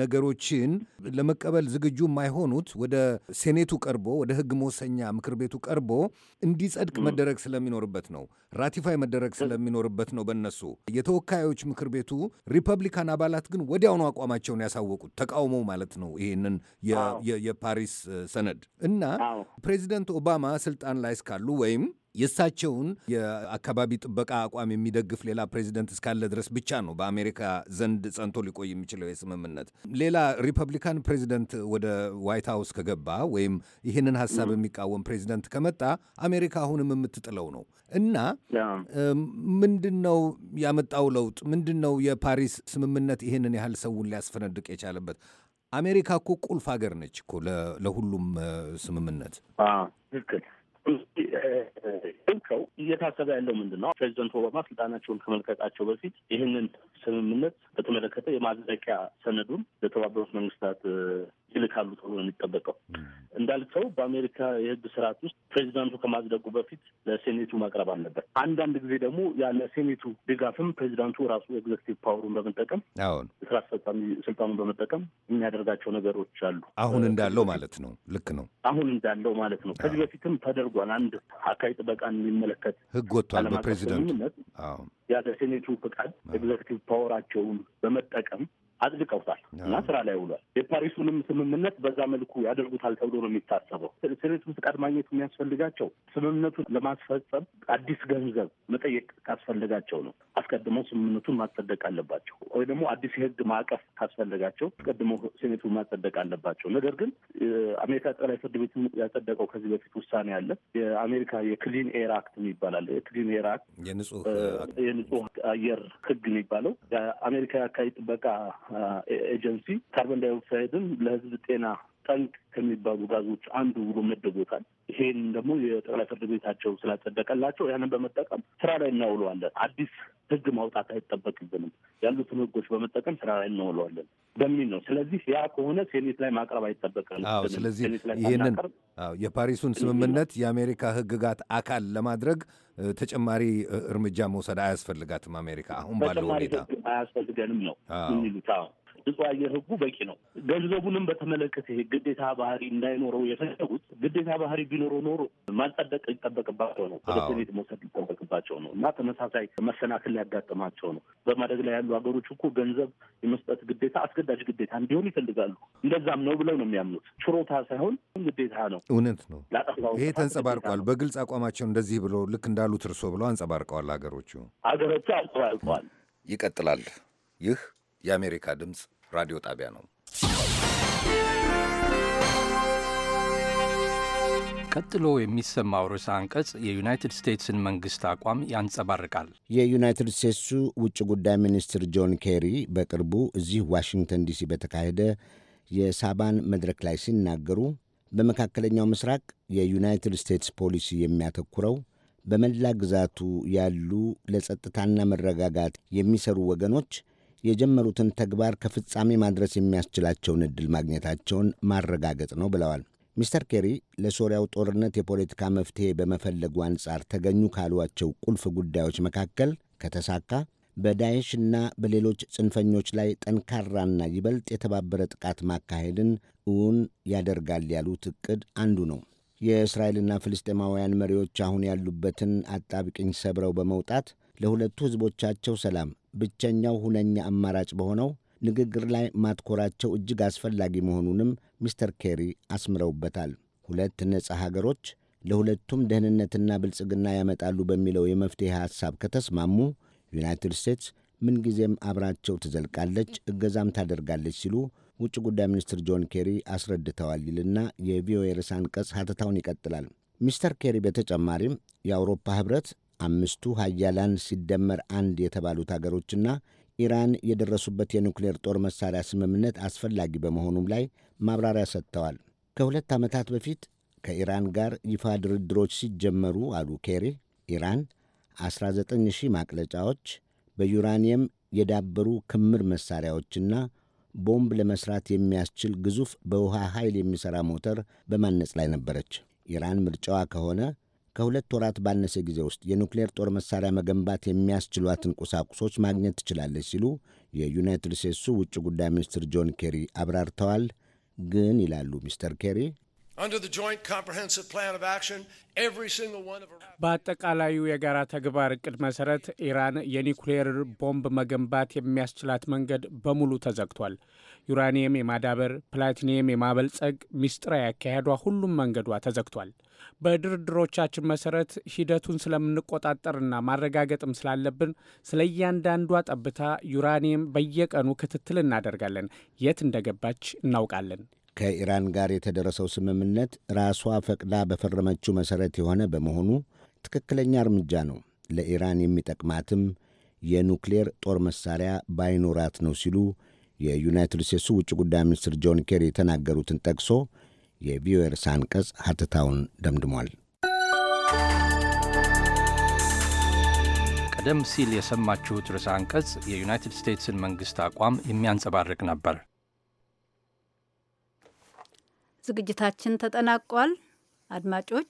ነገሮችን ለመቀበል ዝግጁ የማይሆኑት ወደ ሴኔቱ ቀርቦ ወደ ህግ መወሰኛ ምክር ቤቱ ቀርቦ እንዲጸድቅ መደረግ ስለሚኖርበት ነው። ራቲፋይ መደረግ ስለሚኖርበት ነው በነሱ። የተወካዮች ምክር ቤቱ ሪፐብሊካን አባላት ግን ወዲያውኑ አቋማቸውን ያሳወቁት ተቃውሞ ማለት ነው ይህንን የፓሪስ ሰነድ እና ፕሬዚደንት ኦባማ ስልጣን ላይ እስካሉ ወይም የእሳቸውን የአካባቢ ጥበቃ አቋም የሚደግፍ ሌላ ፕሬዚደንት እስካለ ድረስ ብቻ ነው በአሜሪካ ዘንድ ጸንቶ ሊቆይ የሚችለው የስምምነት። ሌላ ሪፐብሊካን ፕሬዚደንት ወደ ዋይት ሀውስ ከገባ ወይም ይህንን ሀሳብ የሚቃወም ፕሬዚደንት ከመጣ አሜሪካ አሁንም የምትጥለው ነው እና ምንድን ነው ያመጣው ለውጥ? ምንድን ነው የፓሪስ ስምምነት ይህንን ያህል ሰውን ሊያስፈነድቅ የቻለበት? አሜሪካ እኮ ቁልፍ ሀገር ነች እኮ ለሁሉም ስምምነት። እልከው እየታሰበ ያለው ምንድን ነው? ፕሬዚደንት ኦባማ ስልጣናቸውን ከመልቀቃቸው በፊት ይህንን ስምምነት በተመለከተ የማዝለቂያ ሰነዱን ለተባበሩት መንግስታት ይልካሉ ተብሎ ነው የሚጠበቀው። እንዳልከው በአሜሪካ የህግ ስርዓት ውስጥ ፕሬዚዳንቱ ከማጽደቁ በፊት ለሴኔቱ ማቅረብ አለበት። አንዳንድ ጊዜ ደግሞ ያለ ሴኔቱ ድጋፍም ፕሬዚዳንቱ ራሱ ኤግዜክቲቭ ፓወሩን በመጠቀም አሁን ስራ አስፈጻሚ ስልጣኑን በመጠቀም የሚያደርጋቸው ነገሮች አሉ። አሁን እንዳለው ማለት ነው። ልክ ነው። አሁን እንዳለው ማለት ነው። ከዚህ በፊትም ተደርጓል። አንድ አካባቢ ጥበቃን የሚመለከት ህግ ወጥቷል በፕሬዚዳንቱ ያለ ሴኔቱ ፍቃድ ኤግዜክቲቭ ፓወራቸውን በመጠቀም አጽድቀውታል እና ስራ ላይ ውሏል። የፓሪሱንም ስምምነት በዛ መልኩ ያደርጉታል ተብሎ ነው የሚታሰበው። ሴኔቱ ፍቃድ ማግኘት የሚያስፈልጋቸው ስምምነቱን ለማስፈጸም አዲስ ገንዘብ መጠየቅ ካስፈልጋቸው ነው። አስቀድመው ስምምነቱን ማጸደቅ አለባቸው። ወይ ደግሞ አዲስ የህግ ማዕቀፍ ካስፈልጋቸው አስቀድመው ሴኔቱን ማጸደቅ አለባቸው። ነገር ግን አሜሪካ ጠቅላይ ፍርድ ቤት ያጸደቀው ከዚህ በፊት ውሳኔ አለ። የአሜሪካ የክሊን ኤር አክት የሚባላል የክሊን ኤር አክት የንጹህ አየር ህግ የሚባለው የአሜሪካ የአካባቢ ጥበቃ ኤጀንሲ ካርቦን ዳይኦክሳይድን ለሕዝብ ጤና ጠንቅ ከሚባሉ ጋዞች አንዱ ብሎ መደቦታል። ይሄን ደግሞ የጠቅላይ ፍርድ ቤታቸው ስላጸደቀላቸው ያንን በመጠቀም ስራ ላይ እናውለዋለን። አዲስ ህግ ማውጣት አይጠበቅብንም። ያሉትን ህጎች በመጠቀም ስራ ላይ እናውለዋለን በሚል ነው። ስለዚህ ያ ከሆነ ሴኔት ላይ ማቅረብ አይጠበቅም። ስለዚህ ይህንን የፓሪሱን ስምምነት የአሜሪካ ህግጋት አካል ለማድረግ ተጨማሪ እርምጃ መውሰድ አያስፈልጋትም አሜሪካ አሁን ባለው ሁኔታ አያስፈልገንም ነው የሚሉት ንጹህ አየር ህጉ በቂ ነው። ገንዘቡንም በተመለከተ ግዴታ ባህሪ እንዳይኖረው የፈለጉት ግዴታ ባህሪ ቢኖረው ኖሮ ማጸደቅ ይጠበቅባቸው ነው፣ ወደ ሴኔት መውሰድ ይጠበቅባቸው ነው እና ተመሳሳይ መሰናክል ሊያጋጥማቸው ነው። በማደግ ላይ ያሉ ሀገሮች እኮ ገንዘብ የመስጠት ግዴታ አስገዳጅ ግዴታ እንዲሆን ይፈልጋሉ። እንደዛም ነው ብለው ነው የሚያምኑት። ችሮታ ሳይሆን ግዴታ ነው። እውነት ነው። ይሄ ተንጸባርቋል። በግልጽ አቋማቸው እንደዚህ ብሎ ልክ እንዳሉት እርሶ ብለው አንጸባርቀዋል። ሀገሮቹ ሀገሮቹ አንጸባርቀዋል። ይቀጥላል። ይህ የአሜሪካ ድምፅ ራዲዮ ጣቢያ ነው። ቀጥሎ የሚሰማው ርዕሰ አንቀጽ የዩናይትድ ስቴትስን መንግሥት አቋም ያንጸባርቃል። የዩናይትድ ስቴትሱ ውጭ ጉዳይ ሚኒስትር ጆን ኬሪ በቅርቡ እዚህ ዋሽንግተን ዲሲ በተካሄደ የሳባን መድረክ ላይ ሲናገሩ በመካከለኛው ምስራቅ የዩናይትድ ስቴትስ ፖሊሲ የሚያተኩረው በመላ ግዛቱ ያሉ ለጸጥታና መረጋጋት የሚሰሩ ወገኖች የጀመሩትን ተግባር ከፍጻሜ ማድረስ የሚያስችላቸውን ዕድል ማግኘታቸውን ማረጋገጥ ነው ብለዋል። ሚስተር ኬሪ ለሶሪያው ጦርነት የፖለቲካ መፍትሄ በመፈለጉ አንጻር ተገኙ ካሏቸው ቁልፍ ጉዳዮች መካከል ከተሳካ በዳይሽ እና በሌሎች ጽንፈኞች ላይ ጠንካራና ይበልጥ የተባበረ ጥቃት ማካሄድን እውን ያደርጋል ያሉት እቅድ አንዱ ነው። የእስራኤልና ፍልስጤማውያን መሪዎች አሁን ያሉበትን አጣብቂኝ ሰብረው በመውጣት ለሁለቱ ሕዝቦቻቸው ሰላም ብቸኛው ሁነኛ አማራጭ በሆነው ንግግር ላይ ማትኮራቸው እጅግ አስፈላጊ መሆኑንም ሚስተር ኬሪ አስምረውበታል። ሁለት ነጻ ሀገሮች ለሁለቱም ደህንነትና ብልጽግና ያመጣሉ በሚለው የመፍትሔ ሐሳብ ከተስማሙ ዩናይትድ ስቴትስ ምንጊዜም አብራቸው ትዘልቃለች፣ እገዛም ታደርጋለች ሲሉ ውጭ ጉዳይ ሚኒስትር ጆን ኬሪ አስረድተዋል ይልና የቪኦኤ ርዕሰ አንቀጽ ሐተታውን ይቀጥላል። ሚስተር ኬሪ በተጨማሪም የአውሮፓ ኅብረት አምስቱ ሀያላን ሲደመር አንድ የተባሉት አገሮችና ኢራን የደረሱበት የኑክሌር ጦር መሳሪያ ስምምነት አስፈላጊ በመሆኑም ላይ ማብራሪያ ሰጥተዋል። ከሁለት ዓመታት በፊት ከኢራን ጋር ይፋ ድርድሮች ሲጀመሩ አሉ ኬሪ ኢራን 190 ማቅለጫዎች በዩራኒየም የዳበሩ ክምር መሳሪያዎችና ቦምብ ለመስራት የሚያስችል ግዙፍ በውሃ ኃይል የሚሠራ ሞተር በማነጽ ላይ ነበረች። ኢራን ምርጫዋ ከሆነ ከሁለት ወራት ባነሰ ጊዜ ውስጥ የኑክሌር ጦር መሳሪያ መገንባት የሚያስችሏትን ቁሳቁሶች ማግኘት ትችላለች ሲሉ የዩናይትድ ስቴትሱ ውጭ ጉዳይ ሚኒስትር ጆን ኬሪ አብራርተዋል። ግን ይላሉ ሚስተር ኬሪ በአጠቃላዩ የጋራ ተግባር እቅድ መሰረት ኢራን የኒኩሌር ቦምብ መገንባት የሚያስችላት መንገድ በሙሉ ተዘግቷል። ዩራኒየም የማዳበር ፕላቲኒየም የማበልጸግ ሚስጥራ ያካሄዷ ሁሉም መንገዷ ተዘግቷል። በድርድሮቻችን መሰረት ሂደቱን ስለምንቆጣጠርና ማረጋገጥም ስላለብን ስለ እያንዳንዷ ጠብታ ዩራኒየም በየቀኑ ክትትል እናደርጋለን። የት እንደገባች እናውቃለን። ከኢራን ጋር የተደረሰው ስምምነት ራሷ ፈቅዳ በፈረመችው መሠረት የሆነ በመሆኑ ትክክለኛ እርምጃ ነው። ለኢራን የሚጠቅማትም የኑክሌር ጦር መሣሪያ ባይኖራት ነው ሲሉ የዩናይትድ ስቴትሱ ውጭ ጉዳይ ሚኒስትር ጆን ኬሪ የተናገሩትን ጠቅሶ የቪኦኤ ርዕሰ አንቀጽ ሀተታውን ደምድሟል። ቀደም ሲል የሰማችሁት ርዕሰ አንቀጽ የዩናይትድ ስቴትስን መንግሥት አቋም የሚያንጸባርቅ ነበር። ዝግጅታችን ተጠናቋል አድማጮች።